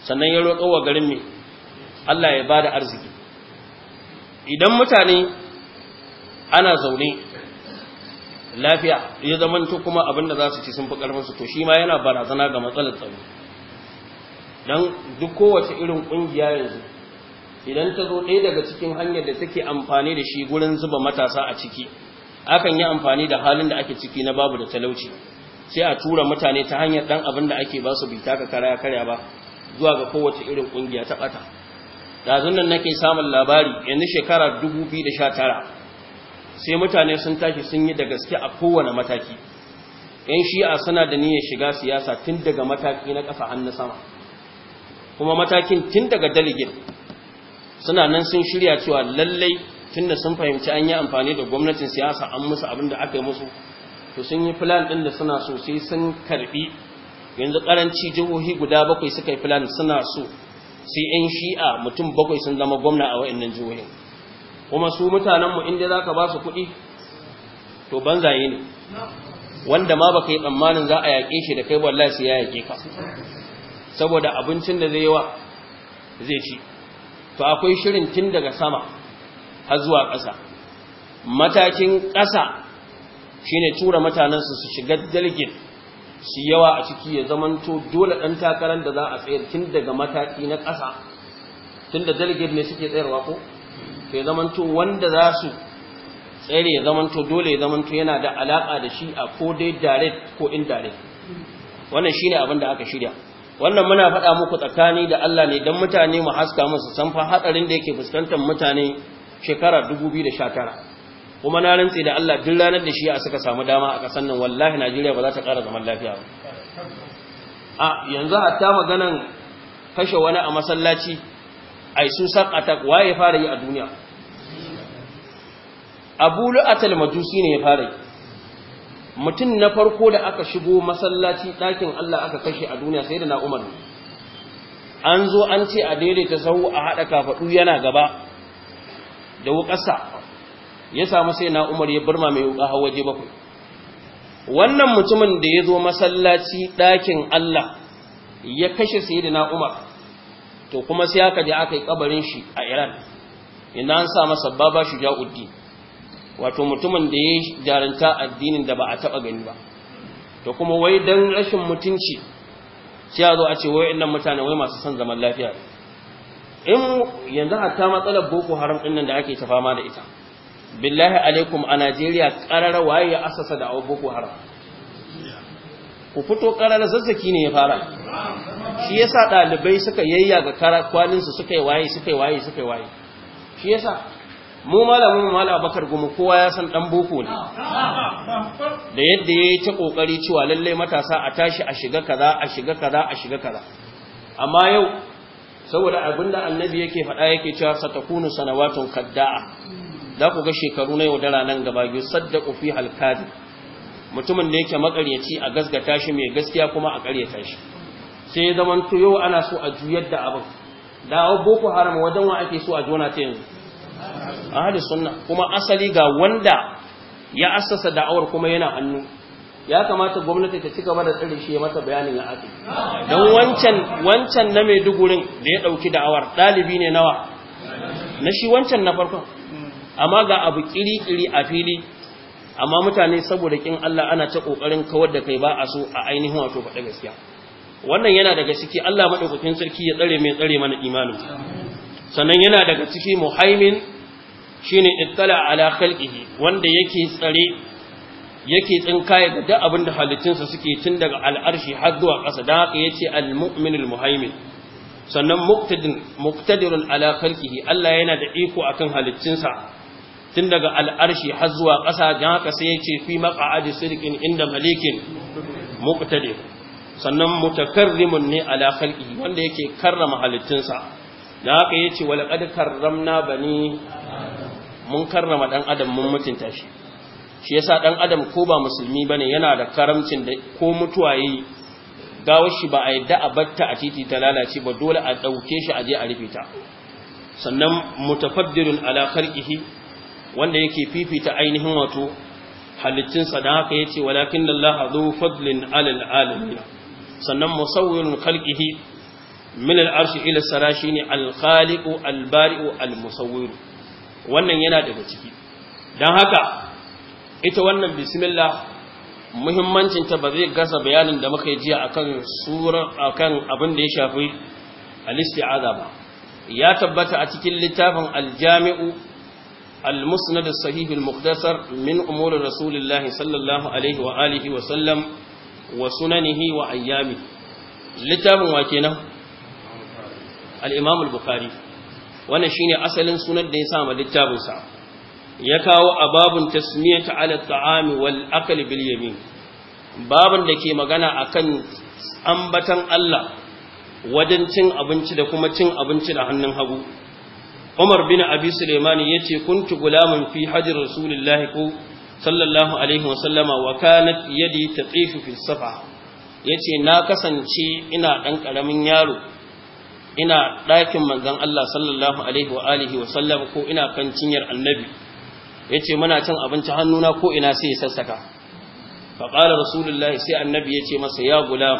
sannan ya roƙo wa garin me Allah ya bada arziki idan mutane ana zaune lafiya ya zamanto kuma abinda za su ci sun fi ƙarfinsu to shi ma yana barazana ga matsalar tsaro don duk kowace irin ƙungiya yanzu idan ta zo ɗaya daga cikin hanyar da take amfani da shi gurin zuba matasa a ciki akan yi amfani da halin da ake ciki na babu da talauci sai a tura mutane ta hanyar ɗan abin da ake ba su bita ka karya karya ba zuwa ga kowace irin ƙungiya ta ɓata ɗazun nan nake samun labari yanzu shekara 2019 sai mutane sun tashi sun yi da gaske a kowane mataki yan shi'a suna da niyyar shiga siyasa tun daga mataki na ƙasa hannu sama kuma matakin tun daga daligin suna nan sun shirya cewa lallai tun da sun fahimci an yi amfani da gwamnatin siyasa an musu abin da aka yi musu to sun yi filan ɗin da suna so sai sun karbi yanzu karanci jihohi guda bakwai suka yi filan suna so sai 'yan shi'a mutum bakwai sun zama gwamna a wa'annan jihohin kuma su mutanenmu inda za ka ba su kuɗi to banza yi ne wanda ma baka yi tsammanin za a yaƙe shi da kai wallahi sai ya yaƙe ka saboda abincin da zai wa zai ci to akwai shirin tun daga sama har zuwa ƙasa matakin ƙasa shine tura mutanensu su shiga dalgin su yawa a ciki ya zamanto dole ɗan takarar da za a tsayar tun daga mataki na ƙasa tun da dalgin ne suke tsayarwa ko ya zamanto wanda za su tsere ya zamanto dole ya zamanto yana da alaka da shi a ko dai direct ko indirect wannan shine abin da aka shirya wannan muna faɗa muku tsakani da Allah ne don mutane mu haska musu san fa hadarin da yake fuskantar mutane shekara 2019 kuma na rantse da Allah duk ranar da shi a suka samu dama a ƙasar nan wallahi Najeriya ba za ta kara zaman lafiya ba a yanzu hatta maganan kashe wani a masallaci ai su sak attack waye fara yi a duniya abu lu'atal majusi ne ya fara yi mutum na farko da aka shigo masallaci ɗakin Allah aka kashe a duniya sai da na umar an zo an ce a daidaita sahu a haɗa kafaɗu yana gaba da wuƙasa ya samu sai na umar ya burma mai wuƙa har waje bakwai wannan mutumin da ya zo masallaci ɗakin Allah ya kashe sai da na to kuma sai aka je aka yi kabarin shi a iran Ina an sa masa baba ja'uddin wato mutumin da ya jaranta addinin da ba a taba gani ba to kuma wai dan rashin mutunci shi ya zo a ce wai innan mutane wai masu son zaman lafiya in yanzu ta matsalar boko haram din nan da ake ta fama da ita billahi alaikum a Najeriya karara waye ya asasa da boko haram ku fito karara zazzaki ne ya fara shi yasa dalibai suka yayya ga kwaninsu suka yi waye suka yi waye suka yi waye shi yasa mu malamin mu malam abakar gumu kowa ya san dan boko ne da yadda yayi ta kokari cewa lalle matasa a tashi a shiga kaza a shiga kaza a shiga kaza amma yau saboda abinda annabi yake faɗa yake cewa satakunu sanawatun kadda'a da ku ga shekaru na yau da ranan gaba saddaqu fi halkadi mutumin da yake makaryaci a gasgata shi mai gaskiya kuma a karyata shi sai zaman to yau ana so a juyar da abin da boko haram wajen wa ake so a jona ta yanzu ahadi sunna kuma asali ga wanda ya assasa da'awar kuma yana annu, ya kamata gwamnati ta ci gaba da tsare shi ya mata bayanin ya ake don wancan wancan na mai dugurin da ya dauki da'awar dalibi ne nawa na shi wancan na farkon amma ga abu kiri-kiri a fili amma mutane saboda kin Allah ana ta kokarin kawar da kai ba a so a ainihin wato faɗa gaskiya wannan yana daga ciki Allah madaukakin sarki ya tsare mai tsare mana imanin sannan yana daga ciki muhaimin shine ittala ala khalqihi wanda yake tsare yake tsinkaye ga duk abin da halittunsa suke tun daga al'arshi har zuwa ƙasa dan haka yace al-mu'min al-muhaimin sannan muqtadin muqtadirun ala khalqihi Allah yana da iko akan halittunsa tun daga al'arshi har zuwa ƙasa dan haka sai yace fi maq'adi sirqin inda malikin muqtadir sannan mutakarrimun ne ala khalqihi wanda yake karrama halittunsa dan haka yace walaqad karramna bani mun karrama dan adam mun mutunta shi shi yasa dan adam ko ba musulmi bane yana da karamcin da ko mutuwa yi gawar shi ba a yadda a batta a titi ta lalace ba dole a dauke shi a je a rufe ta sannan mutafaddirun ala kharqihi wanda yake fifita ainihin wato halittun sa da haka yace walakin Allah zu fadlin alal alamin sannan musawwirun khalqihi min al-arshi ila sarashini ne al-khaliqu al-bari'u al musawwiru wannan yana daga ciki don haka ita wannan bismillah muhimmancinta ba zai gasa bayanin da muka yi jiya akan abin da ya shafi al-isti'aza ba ya tabbata a cikin littafin aljami'u jamiu al-musnad as-sahih al-mukhtasar min umur rasulillah sallallahu alaihi wa wa sallam wa sunanihi wa ayyami littafin wa kenan al-imam al-bukhari wannan shine asalin sunan da ya sa ma littafin sa ya kawo ababun tasmiyata ala ta'ami wal akli bil yamin babun da ke magana akan ambatan Allah wajen cin abinci da kuma cin abinci da hannun hagu Umar bin Abi Sulaiman yace kuntu gulamun fi hajji Rasulullahi ko sallallahu alaihi wasallama wa kanat yadi taqifu fi safa yace na kasance ina dan karamin yaro ina ɗakin manzan Allah sallallahu alaihi wa alihi wa sallam ko ina kan cinyar annabi Ya ce muna cin abinci hannuna ko ina sai ya sassaka fa qala sai annabi ya ce masa ya gula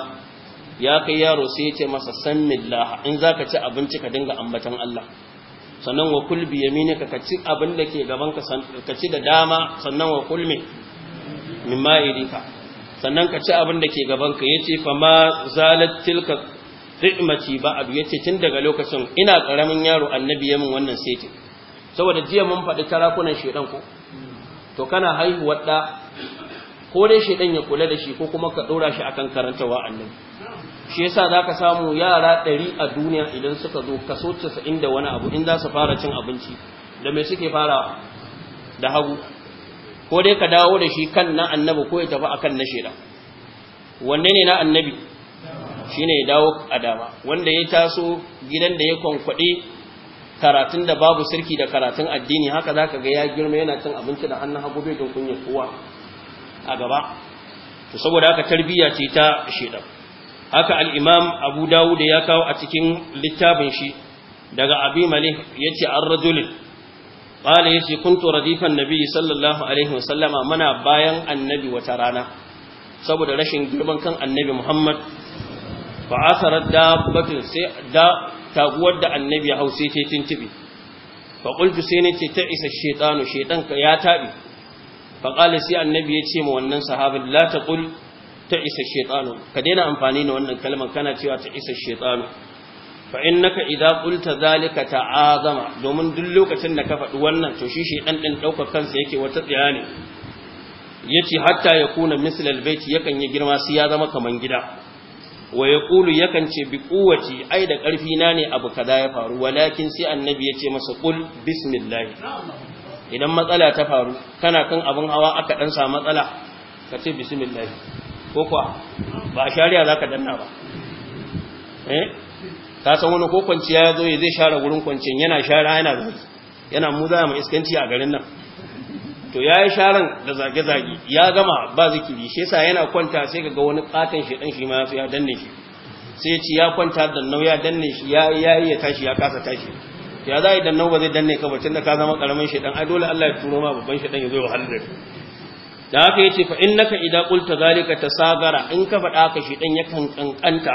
ya kai yaro sai ya ce masa sammillah in za ka ci abinci ka dinga ambatan Allah sannan wa kul bi yaminika ka ci abin da ke gaban ka ka ci da dama sannan wa kul min rika. sannan ka ci abin da ke gaban ka yace fa ma zalat tilka ba abu yace tun daga lokacin ina karamin yaro annabi yamin wannan setin saboda jiya mun faɗi tarakunan shedan ko to kana haihuwa da ko dai shedan ya kula da shi ko kuma ka dora shi akan karantawa annabi shi yasa zaka samu yara ɗari a duniya idan suka zo kaso casa'in da wani abu in za su fara cin abinci da me suke fara da hagu ko dai ka dawo da shi kan na annabi ko ya tafi akan na shedan wanne ne na annabi shine ya dawo a dama wanda ya taso gidan da ya kwankwaɗe karatun da babu sirki da karatun addini haka za ka ga ya girma yana cin abinci da hannun hagu bai jin kunya kowa a gaba to saboda haka tarbiyya ce ta shedan haka al-imam Abu da ya kawo a cikin littafin shi daga Abi Malik yace an rajul qala yace kuntu radifan nabi sallallahu alaihi wasallama mana bayan annabi wata rana saboda rashin girman kan annabi Muhammad fa asarar dabbatin sai da taguwar da annabi ya hau sai ta tintibi fa sai ne ce ta isa shaytanu shaytan ya taɓi. fa sai annabi ya ce ma wannan sahabin la taqul ta isa shaytanu ka daina amfani da wannan kalmar kana cewa ta isa shaytanu fa innaka idza qulta zalika azama domin duk lokacin da ka faɗi wannan to shi shaytan din ɗaukar kansa yake wata tsaya ne yace hatta ya kuna mislal baiti yakan yi girma sai ya zama kaman gida wa ya ƙulu yakan ce bi ƙuwaci ai da ƙarfi na ne abu kada ya faru walakin sai annabi ya ce masa ƙul bismillah idan matsala ta faru kana kan abin hawa aka ɗan sa matsala ka ce bismillah ko kuwa ba a shari'a za ka danna ba eh ka san wani ko kwanciya ya zo ya zai share wurin kwanciyar yana share yana zai yana muza za iskanci a garin nan to ya yi sharan da zage-zage ya gama ba zikiri shi yasa yana kwanta sai ga wani katon shi dan shi ma ya danne shi sai ya ci ya kwanta da nau ya danne shi ya yi ya tashi ya kasa tashi ya za a yi da nau ba zai danne ka bacin da ka zama karamin shi dan ai dole Allah ya turo ma babban shi dan ya zo ya halar da haka ce fa naka idza kulta zalika sagara in ka faɗa ka shi dan yakan kankanta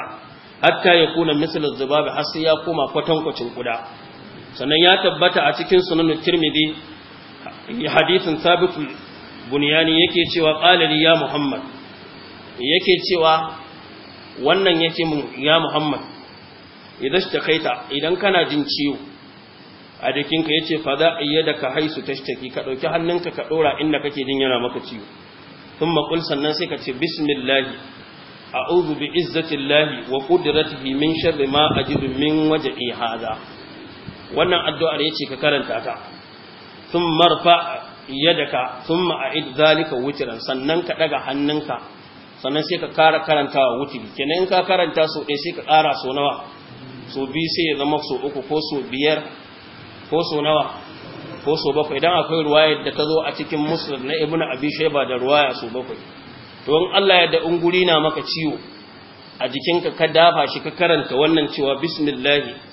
hatta ya kuna misal zubabi har sai ya koma kwatankwacin kuda sannan ya tabbata a cikin sunan tirmidhi hadisin sabitu buniyani yake cewa qalali ya muhammad yake cewa wannan yake mun ya muhammad idan idan kana jin ciwo a jikinka yace fa za a yada ka haisu tashtaki ka dauki hannunka ka dora inda kake jin yana maka ciwo thumma qul sannan sai ka ce bismillahi a'udhu bi izzatillahi wa qudratihi min sharri ma ajidu min wajhi hadha wannan addu'ar yace ka karanta ta sun marfa yadaka sun ma'a'id zalika wuturan sannan ka daga hannunka sannan sai ka kara karantawa wuturi kenan in ka karanta so ɗaya sai ka ƙara so nawa so biyu sai ya zama so uku ko so biyar ko so nawa ko so bakwai idan akwai ruwayar da ta zo a cikin musulun na ibnu abi ba da ruwaya so bakwai to in Allah ya da unguri na maka ciwo a jikinka ka dafa shi ka karanta wannan cewa bismillah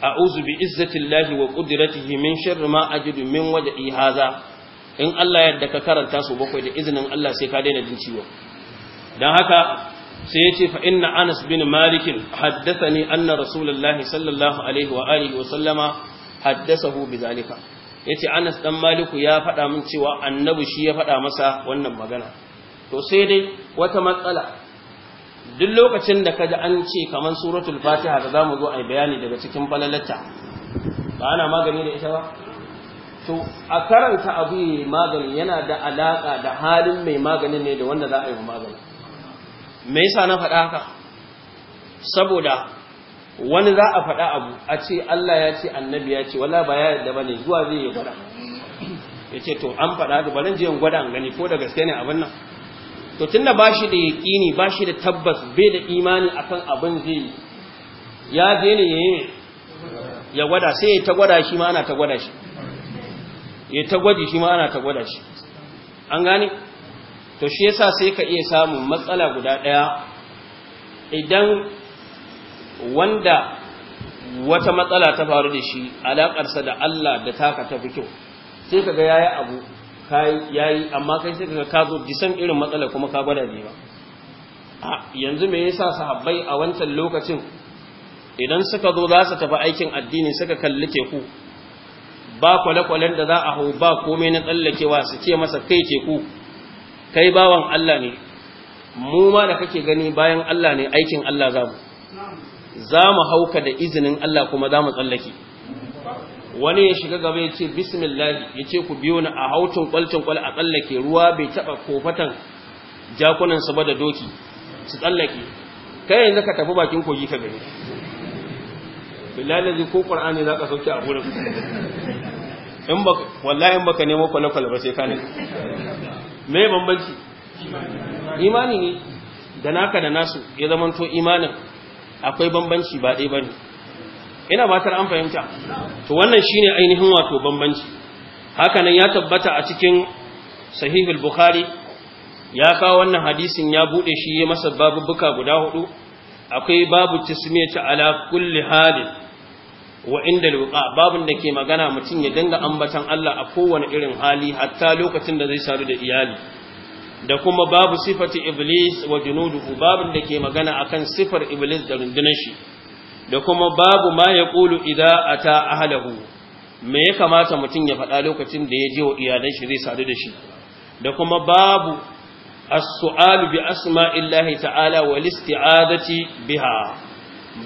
A a'udhu bi izzatillahi wa qudratihi min sharri ma ajidu min wajhi hadha in Allah yadda ka karanta su bakwai da izinin Allah sai ka daina jin ciwo dan haka sai yace fa inna Anas bin Malik haddathani anna Rasulullahi sallallahu alaihi wa alihi wa sallama haddathahu bizalika yace Anas dan Maliku ya faɗa min cewa annabi shi ya faɗa masa wannan magana to sai dai wata matsala duk lokacin da kaji an ce kamar suratul fatiha da zamu zo ai bayani daga cikin falalarta ba ana magani da ita ba to a karanta abu magani yana da alaka da halin mai maganin ne da wanda za a yi magani me yasa na faɗa haka saboda wani za a faɗa abu a ce Allah ya ce annabi ya ce wala ba ya yarda bane zuwa zai yi gwada ya to an faɗa da je in gwada an gani ko da gaske ne abin nan to tunda ba shi da yaƙini ba shi da tabbas bai da imani akan abin zai ya je ne ya gwada sai ya ta gwada shi ma ana ta gwada shi ya ta gwaji shi ma ana ta gwada shi an gane to shi yasa sai ka iya samun matsala guda ɗaya idan wanda wata matsala ta faru da shi alaƙarsa da Allah da taka ta fi kyau sai ka kaga yayi abu kai yayi amma kai sai kaga ka zo san irin matsalar kuma ka gwada bi ba a yanzu me yasa sahabbai a wancan lokacin idan suka zo za su tafi aikin addini suka kalli teku ba kwale-kwalen da za a hau ba komai na tsallakewa su ce masa kai teku kai bawan Allah ne mu ma da kake gani bayan Allah ne aikin Allah za mu za mu hauka da izinin Allah kuma za mu tsallake wani ya shiga gaba ya ce bismillah ya ce ku biyo ni a hautun kwalcin kwal a tsallake ruwa bai taɓa kofatan jakunansu ba da doki su tsallake kai yanzu ka tafi bakin kogi ka gani bilalazi ko qur'ani za ka sauke a gurin in ba wallahi in baka nemo kwalakwal ba sai ka ne me bambanci imani ne da naka da nasu ya zamanto imanin akwai bambanci ba ɗaya bane ina batar an fahimta to wannan shine ainihin wato bambanci Haka nan ya tabbata a cikin sahih al-bukhari ya kawo wannan hadisin ya bude shi ya masa babu buka guda hudu akwai babu tismiyati ala kulli halin wa inda luqa babun da ke magana mutum ya danga ambatan Allah a kowane irin hali hatta lokacin da zai saru da iyali da kuma babu sifati iblis wa junuduhu babun da ke magana akan sifar iblis da rundunar shi da kuma babu ma ya ƙulu idan a ta ahalahu me ya kamata mutum ya faɗa lokacin da ya je wa iyalan shi zai sadu da shi da kuma babu as-su'alu bi asma'illahi ta'ala wal isti'adati biha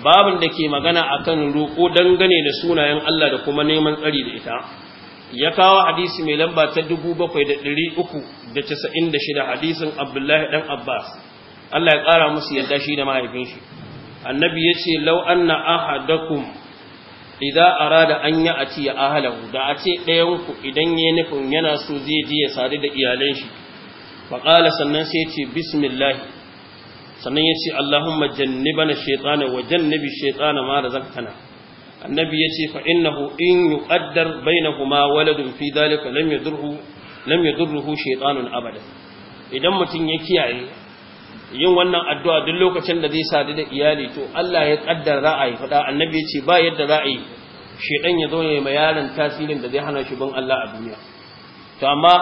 babin da ke magana akan roƙo dangane da sunayen Allah da kuma neman tsari da ita ya kawo hadisi mai lamba ta shida, hadisin Abdullahi dan Abbas Allah ya ƙara musu yadda shi da mahaifinshi. annabi ya ce lau da ahadakum idan arada an yi a ci ya ahalahu da a ce ɗayanku idan ya nufin yana so zai je ya sadu da iyalan shi faƙala sannan sai ce bismillah sannan ya ce allahumma janniba na shaitana wa jannibi shaitana ma da zaktana annabi ya ce fa'innahu in yi ƙaddar ma waladun fi dalika lam yadurruhu shaitanun abada idan mutum ya kiyaye yin wannan addu'a duk lokacin da zai sadu da iyali to Allah ya kaddara ra'ayi fada annabi ya ce ba yadda ra'ayi shedan ya zo ne ma yaran tasirin da zai hana shi bin Allah a duniya to amma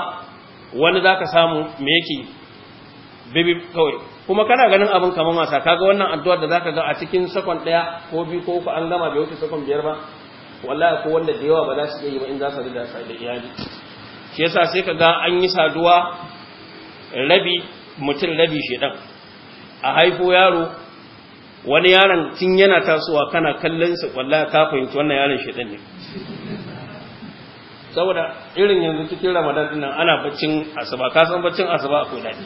wani za ka samu me yake bibi kawai kuma kana ganin abin kamar wasa kaga wannan addu'ar da za ka ga a cikin sakon daya ko biyu ko uku an gama bai wuce sakon biyar ba wallahi ko wanda da yawa ba za su iya yi ba in za su da sai da iyali shi yasa sai ka ga an yi saduwa rabi mutum rabi ɗan a haifo yaro wani yaron tun yana tasowa kana kallon su kwalla ka fahimci wannan yaron shedan ne saboda irin yanzu cikin ramadan din nan ana baccin asuba ka san baccin asuba akwai daɗi.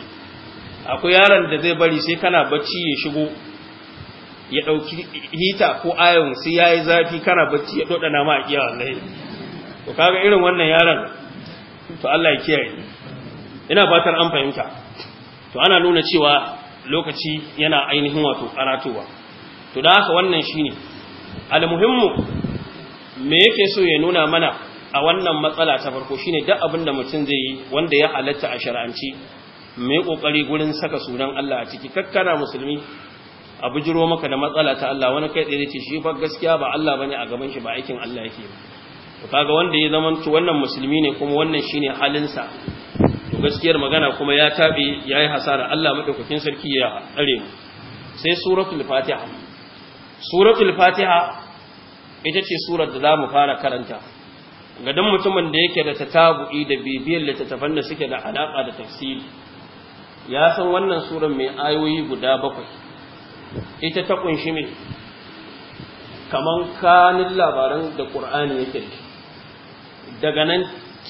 akwai yaron da zai bari sai kana bacci ya shigo ya ɗauki hita ko ayon sai ya yi zafi kana bacci ya dodana ma a kiya wallahi to kaga irin wannan yaron to Allah ya kiyaye ina fatar an fahimta to ana nuna cewa lokaci yana ainihin wato karatowa to da haka wannan shine almuhimmu me yake so ya nuna mana a wannan matsala ta farko shine duk abin da mutum zai yi wanda ya halatta a shar'anci mai kokari gurin saka sunan Allah a ciki kakkana musulmi a bujiro maka da matsala ta Allah wani kai da ce shi fa gaskiya ba Allah bane a gaban shi ba aikin Allah yake ba to kaga wanda ya zama wannan musulmi ne kuma wannan shine halinsa gaskiyar magana kuma ya tabe yi hasara Allah madaukakin sarki ya tsare mu sai suratul fatiha suratul fatiha ita ce surar da za mu fara karanta ga dan mutumin da yake da tatabu'i da bibiyar littattafan da suke da alaka da tafsiri ya san wannan surar mai ayoyi guda bakwai ita ta kunshi mai kaman kanin labaran da Qur'ani yake daga nan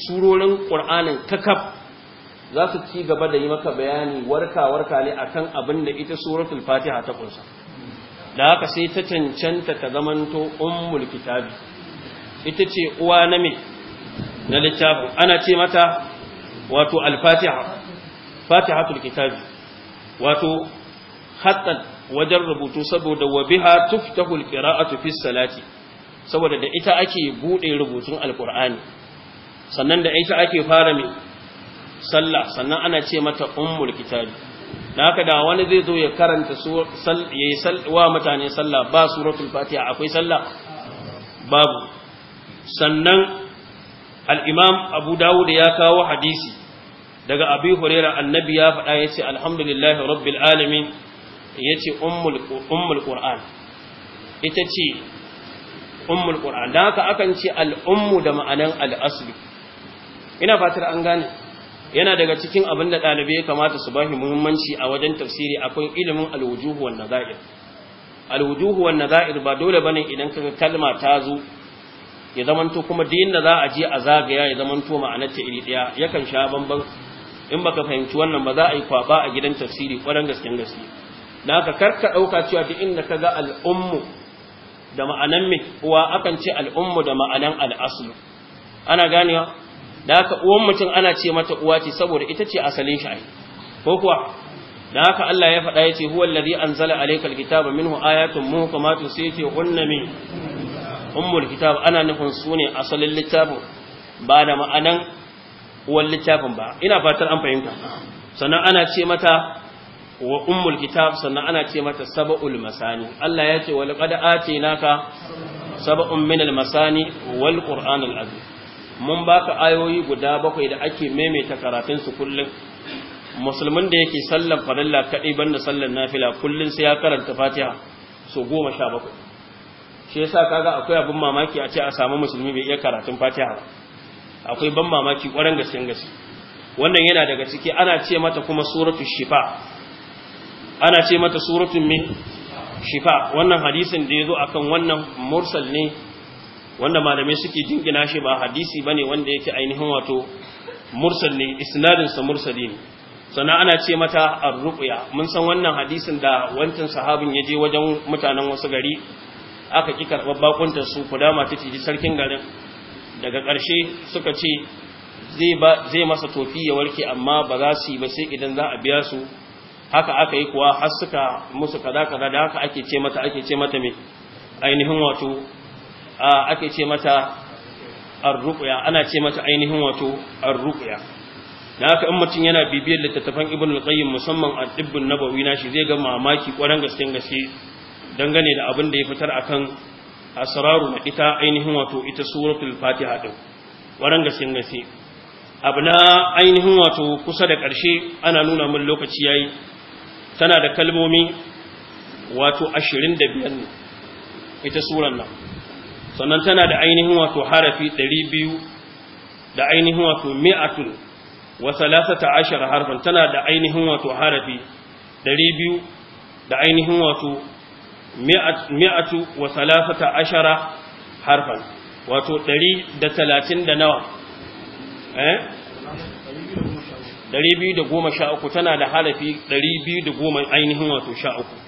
surorin Qur'anin kakaf za su ci gaba da yi maka bayani warka-warka ne akan abin da ita suratul fatiha ta kunsa da haka sai ta cancanta ta zamanto ummul kitabi ita ce uwa na me na littafin ana ce mata wato al-fatiha fatihatul kitabi wato hatta wajen rubutu saboda wa biha tuftahul qira'atu fi salati saboda da ita ake bude rubutun alqur'ani sannan da ita ake fara mai sallah sannan ana ce mata ummul kitabi da haka da wani zai zo ya karanta wa mutane sallah ba suratul fatiha akwai salla? babu sannan al'imam abu dawud ya kawo hadisi daga abi hurera annabi ya faɗa ya ce alhamdulillahi rabbil alamin ya ce ummul ƙur'an ita ce ummul ƙur'an da haka akan ce al'ummu da ma'anan al'asli ina fatar an gane yana daga cikin abin da ɗalibai ya kamata su ba bashi muhimmanci a wajen tafsiri akwai ilimin alwujuhu wan nazair alwujuhu nazair ba dole bane idan kaga kalma ta zo ya zamanto kuma din da za a je a zagaya ya zamanto ma'anar ta iri daya yakan sha bamban in baka fahimci wannan ba za a yi kwaba a gidan tafsiri kwarin gasken gaske na ka karka ɗauka cewa duk inda kaga al'ummu da ma'anan mai uwa akan ce al'ummu da ma'anan al'aslu ana ganewa da haka uwan mutum ana ce mata uwa ce saboda ita ce asalin shi ai ko kuwa da haka Allah ya faɗa yace huwal ladhi anzala alayka alkitaba minhu ayatun muhkamatun sai yace hunna min ummul kitab ana nufin sune asalin littafin ba da ma'anan uwan littafin ba ina fatar an fahimta sannan ana ce mata wa ummul kitab sannan ana ce mata sab'ul masani Allah yace wa laqad atinaka sab'un minal masani wal qur'anil azim mun baka ayoyi guda bakwai da ake maimaita karatun su kullum musulmin da yake sallan Fadalla kadai banda sallan nafila kullum sai ya karanta fatiha so goma sha bakwai shi yasa kaga akwai abin mamaki a ce a samu musulmi bai iya karatun fatiha ba. akwai ban mamaki kwarin gaske gaske wannan yana daga ciki ana ce mata kuma suratul shifa ana ce mata suratul min shifa wannan hadisin da yazo akan wannan mursal ne wanda malamai suke jingina shi ba hadisi bane wanda yake ainihin wato mursal ne isnadin sa mursali ne sannan ana ce mata ar-ruqya mun san wannan hadisin da wancan sahabin ya je wajen mutanen wasu gari aka ki karɓar bakuntar su kudama ta ciji sarkin garin daga ƙarshe suka ce zai masa tofi ya warke amma ba za su yi ba sai idan za a biya su haka aka yi kuwa har suka musu kaza kaza da haka ake ce mata ake ce mata mai ainihin wato ake ce mata arruqya ana ce mata ainihin wato arruqya da haka in mutum yana bibiyar littattafan ibn al-qayyim musamman ad-dibbun nabawi shi, zai ga mamaki kwaran gaske gaske dangane da abin da ya fitar akan asraru na ita ainihin wato ita suratul fatiha din kwaran gaske gaske abu ainihin wato kusa da ƙarshe ana nuna min lokaci yayi tana da kalmomi wato 25 ne ita suran nan sannan tana da ainihin wato harafi 200 da ainihin wato mi'atun wa salasata ashara harfan tana da ainihin wato harafi 200 da ainihin wato mi'atu wa salasata ashara harfan wato 130 da nawa eh 213 tana da harafi 210 ainihin wato 13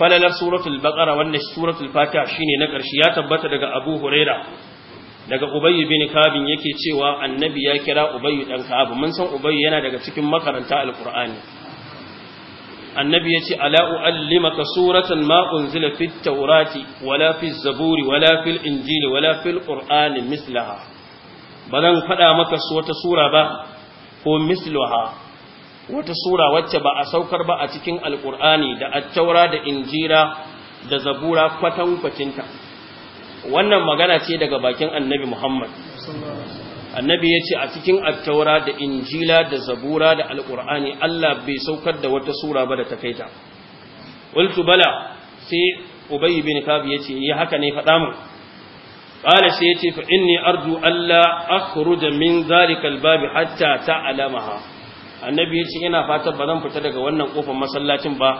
falalar suratul baqara wannan suratul fatiha shine na ƙarshe ya tabbata daga abu huraira daga Ubayyu bin kabin yake cewa annabi ya kira Ubayyu dan Kabu. mun san Ubayyu yana daga cikin makaranta alqur'ani annabi yace ala uallimaka suratan ma unzila fit tawrati wala fi zaburi wala fil injili wala fil qur'ani mislaha bazan fada maka wata sura ba ko mislaha wata sura wacce ba a saukar ba a cikin alkur'ani da attaura da injira da zabura kwatankwacinta wannan magana ce daga bakin annabi muhammad annabi ya ce a cikin attaura da injila da zabura da alkur'ani allah bai saukar da wata sura ba da ta kaita ƙultu bala sai ubayi bin kab ya ce yi haka ne faɗa mu ƙala sai ya ce fa inni ardu allah akhruja min zalikal babi hatta ta alamaha annabi ya ce ina fatar ba zan fita daga wannan kofar masallacin ba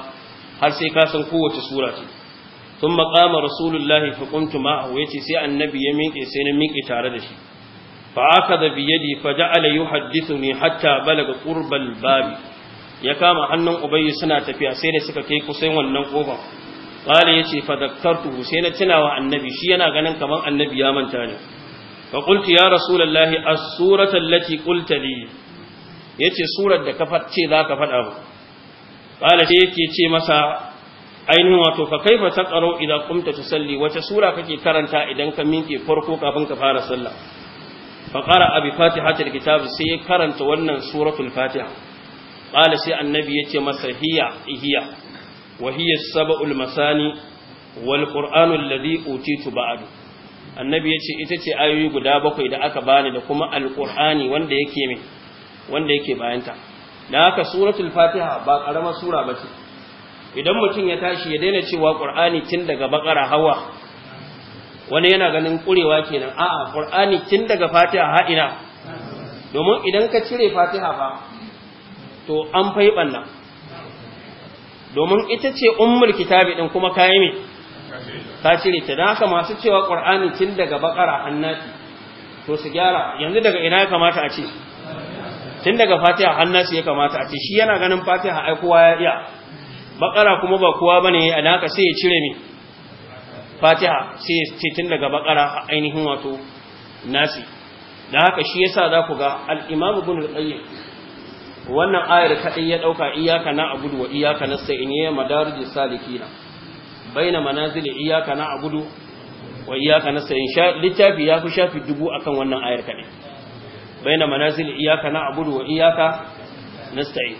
har sai ka san kowace sura ce sun maƙama rasulullahi fi kuntu ma'ahu ya ce sai annabi ya miƙe sai na miƙe tare da shi fa aka da biyadi fa ja'ala yuhaddithuni hatta balaga qurbal babi ya kama hannun ubayyi suna tafiya sai da suka kai kusa wannan kofar qala yace fa dakkartuhu sai na tunawa annabi shi yana ganin kamar annabi ya manta ne fa qultu ya rasulullahi as-surata allati qulta yace surar da kafa ce za ka faɗa mu qala ce yake ce masa ainihin wato fa kaifa taqra'u idza qumta salli. wace sura kake karanta idan ka minke farko kafin ka fara sallah fa abi fatiha fatihatil kitabu sai ya karanta wannan suratul fatiha qala sai annabi yace masa hiya hiya wa hiya sab'ul masani wal qur'anu alladhi utitu ba'du annabi yace ita ce ayoyi guda bakwai da aka bani da kuma alqur'ani wanda yake mai wanda yake bayanta dan haka suratul fatiha ba karamar sura bace idan mutum ya tashi ya daina cewa ƙur'ani tun daga bakara hawa wani yana ganin kurewa kenan a'a qur'ani tun daga fatiha ha ina domin idan ka cire fatiha ba to an fai banna domin ita ce ummul kitabi din kuma kayi me ka cire ta dan haka masu cewa ƙur'ani tun daga bakara annabi to su gyara yanzu daga ina ya kamata a ce tun daga fatiha hannasi ya kamata a ce shi yana ganin fatiha ai kowa ya iya bakara kuma ba kowa bane a naka sai ya cire mi fatiha sai ya ce tun daga bakara ainihin wato nasi Da haka shi yasa za ku ga al-imam ibn al wannan ayar kadai ya dauka na na'budu wa iyyaka nasta'in ya madarijus salikina baina iyaka na wa iyaka nasta'in littafi ya fi shafi dubu akan wannan ayar kadai baina manazil iyyaka na'budu wa iyyaka nasta'in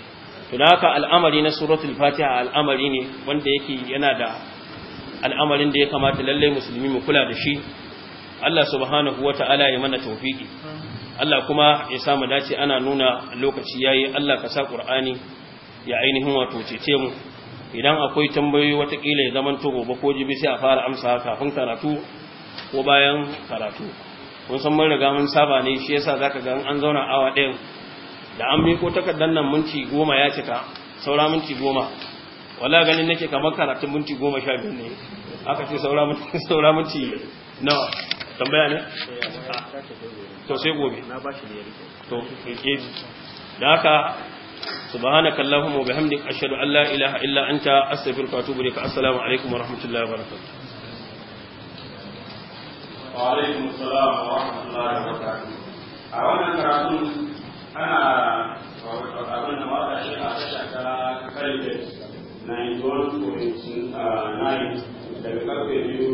to da haka al'amari na suratul fatiha al'amari ne wanda yake yana da al'amarin da ya kamata lalle musulmi mu kula da shi Allah subhanahu wata'ala ya mana tawfiki Allah kuma ya sa mu dace ana nuna lokaci yayi Allah ka sa Qur'ani ya ainihin wato cece mu idan akwai tambayoyi watakila ya zaman to gobe ko jibi sai a fara amsa kafin karatu ko bayan karatu kun san mun riga mun saba ne shi yasa zaka ga an zauna awa ɗaya da an miko takardar nan minti goma ya cika saura minti goma wala ganin nake kamar karatun minti goma sha biyu ne aka ce saura minti (laughs) saura minti nawa tambaya ne to sai gobe na ba shi ne to ke da haka سبحانك اللهم وبحمدك أشهد أن لا إله إلا أنت أستغفرك وأتوب إليك السلام عليكم ورحمة الله وبركاته wa alaikum salam wa rahmatullahi wa barakatuh a wannan karatun ana abin da wata shi a tasha ta karfe 91.9 uh, daga karfe biyu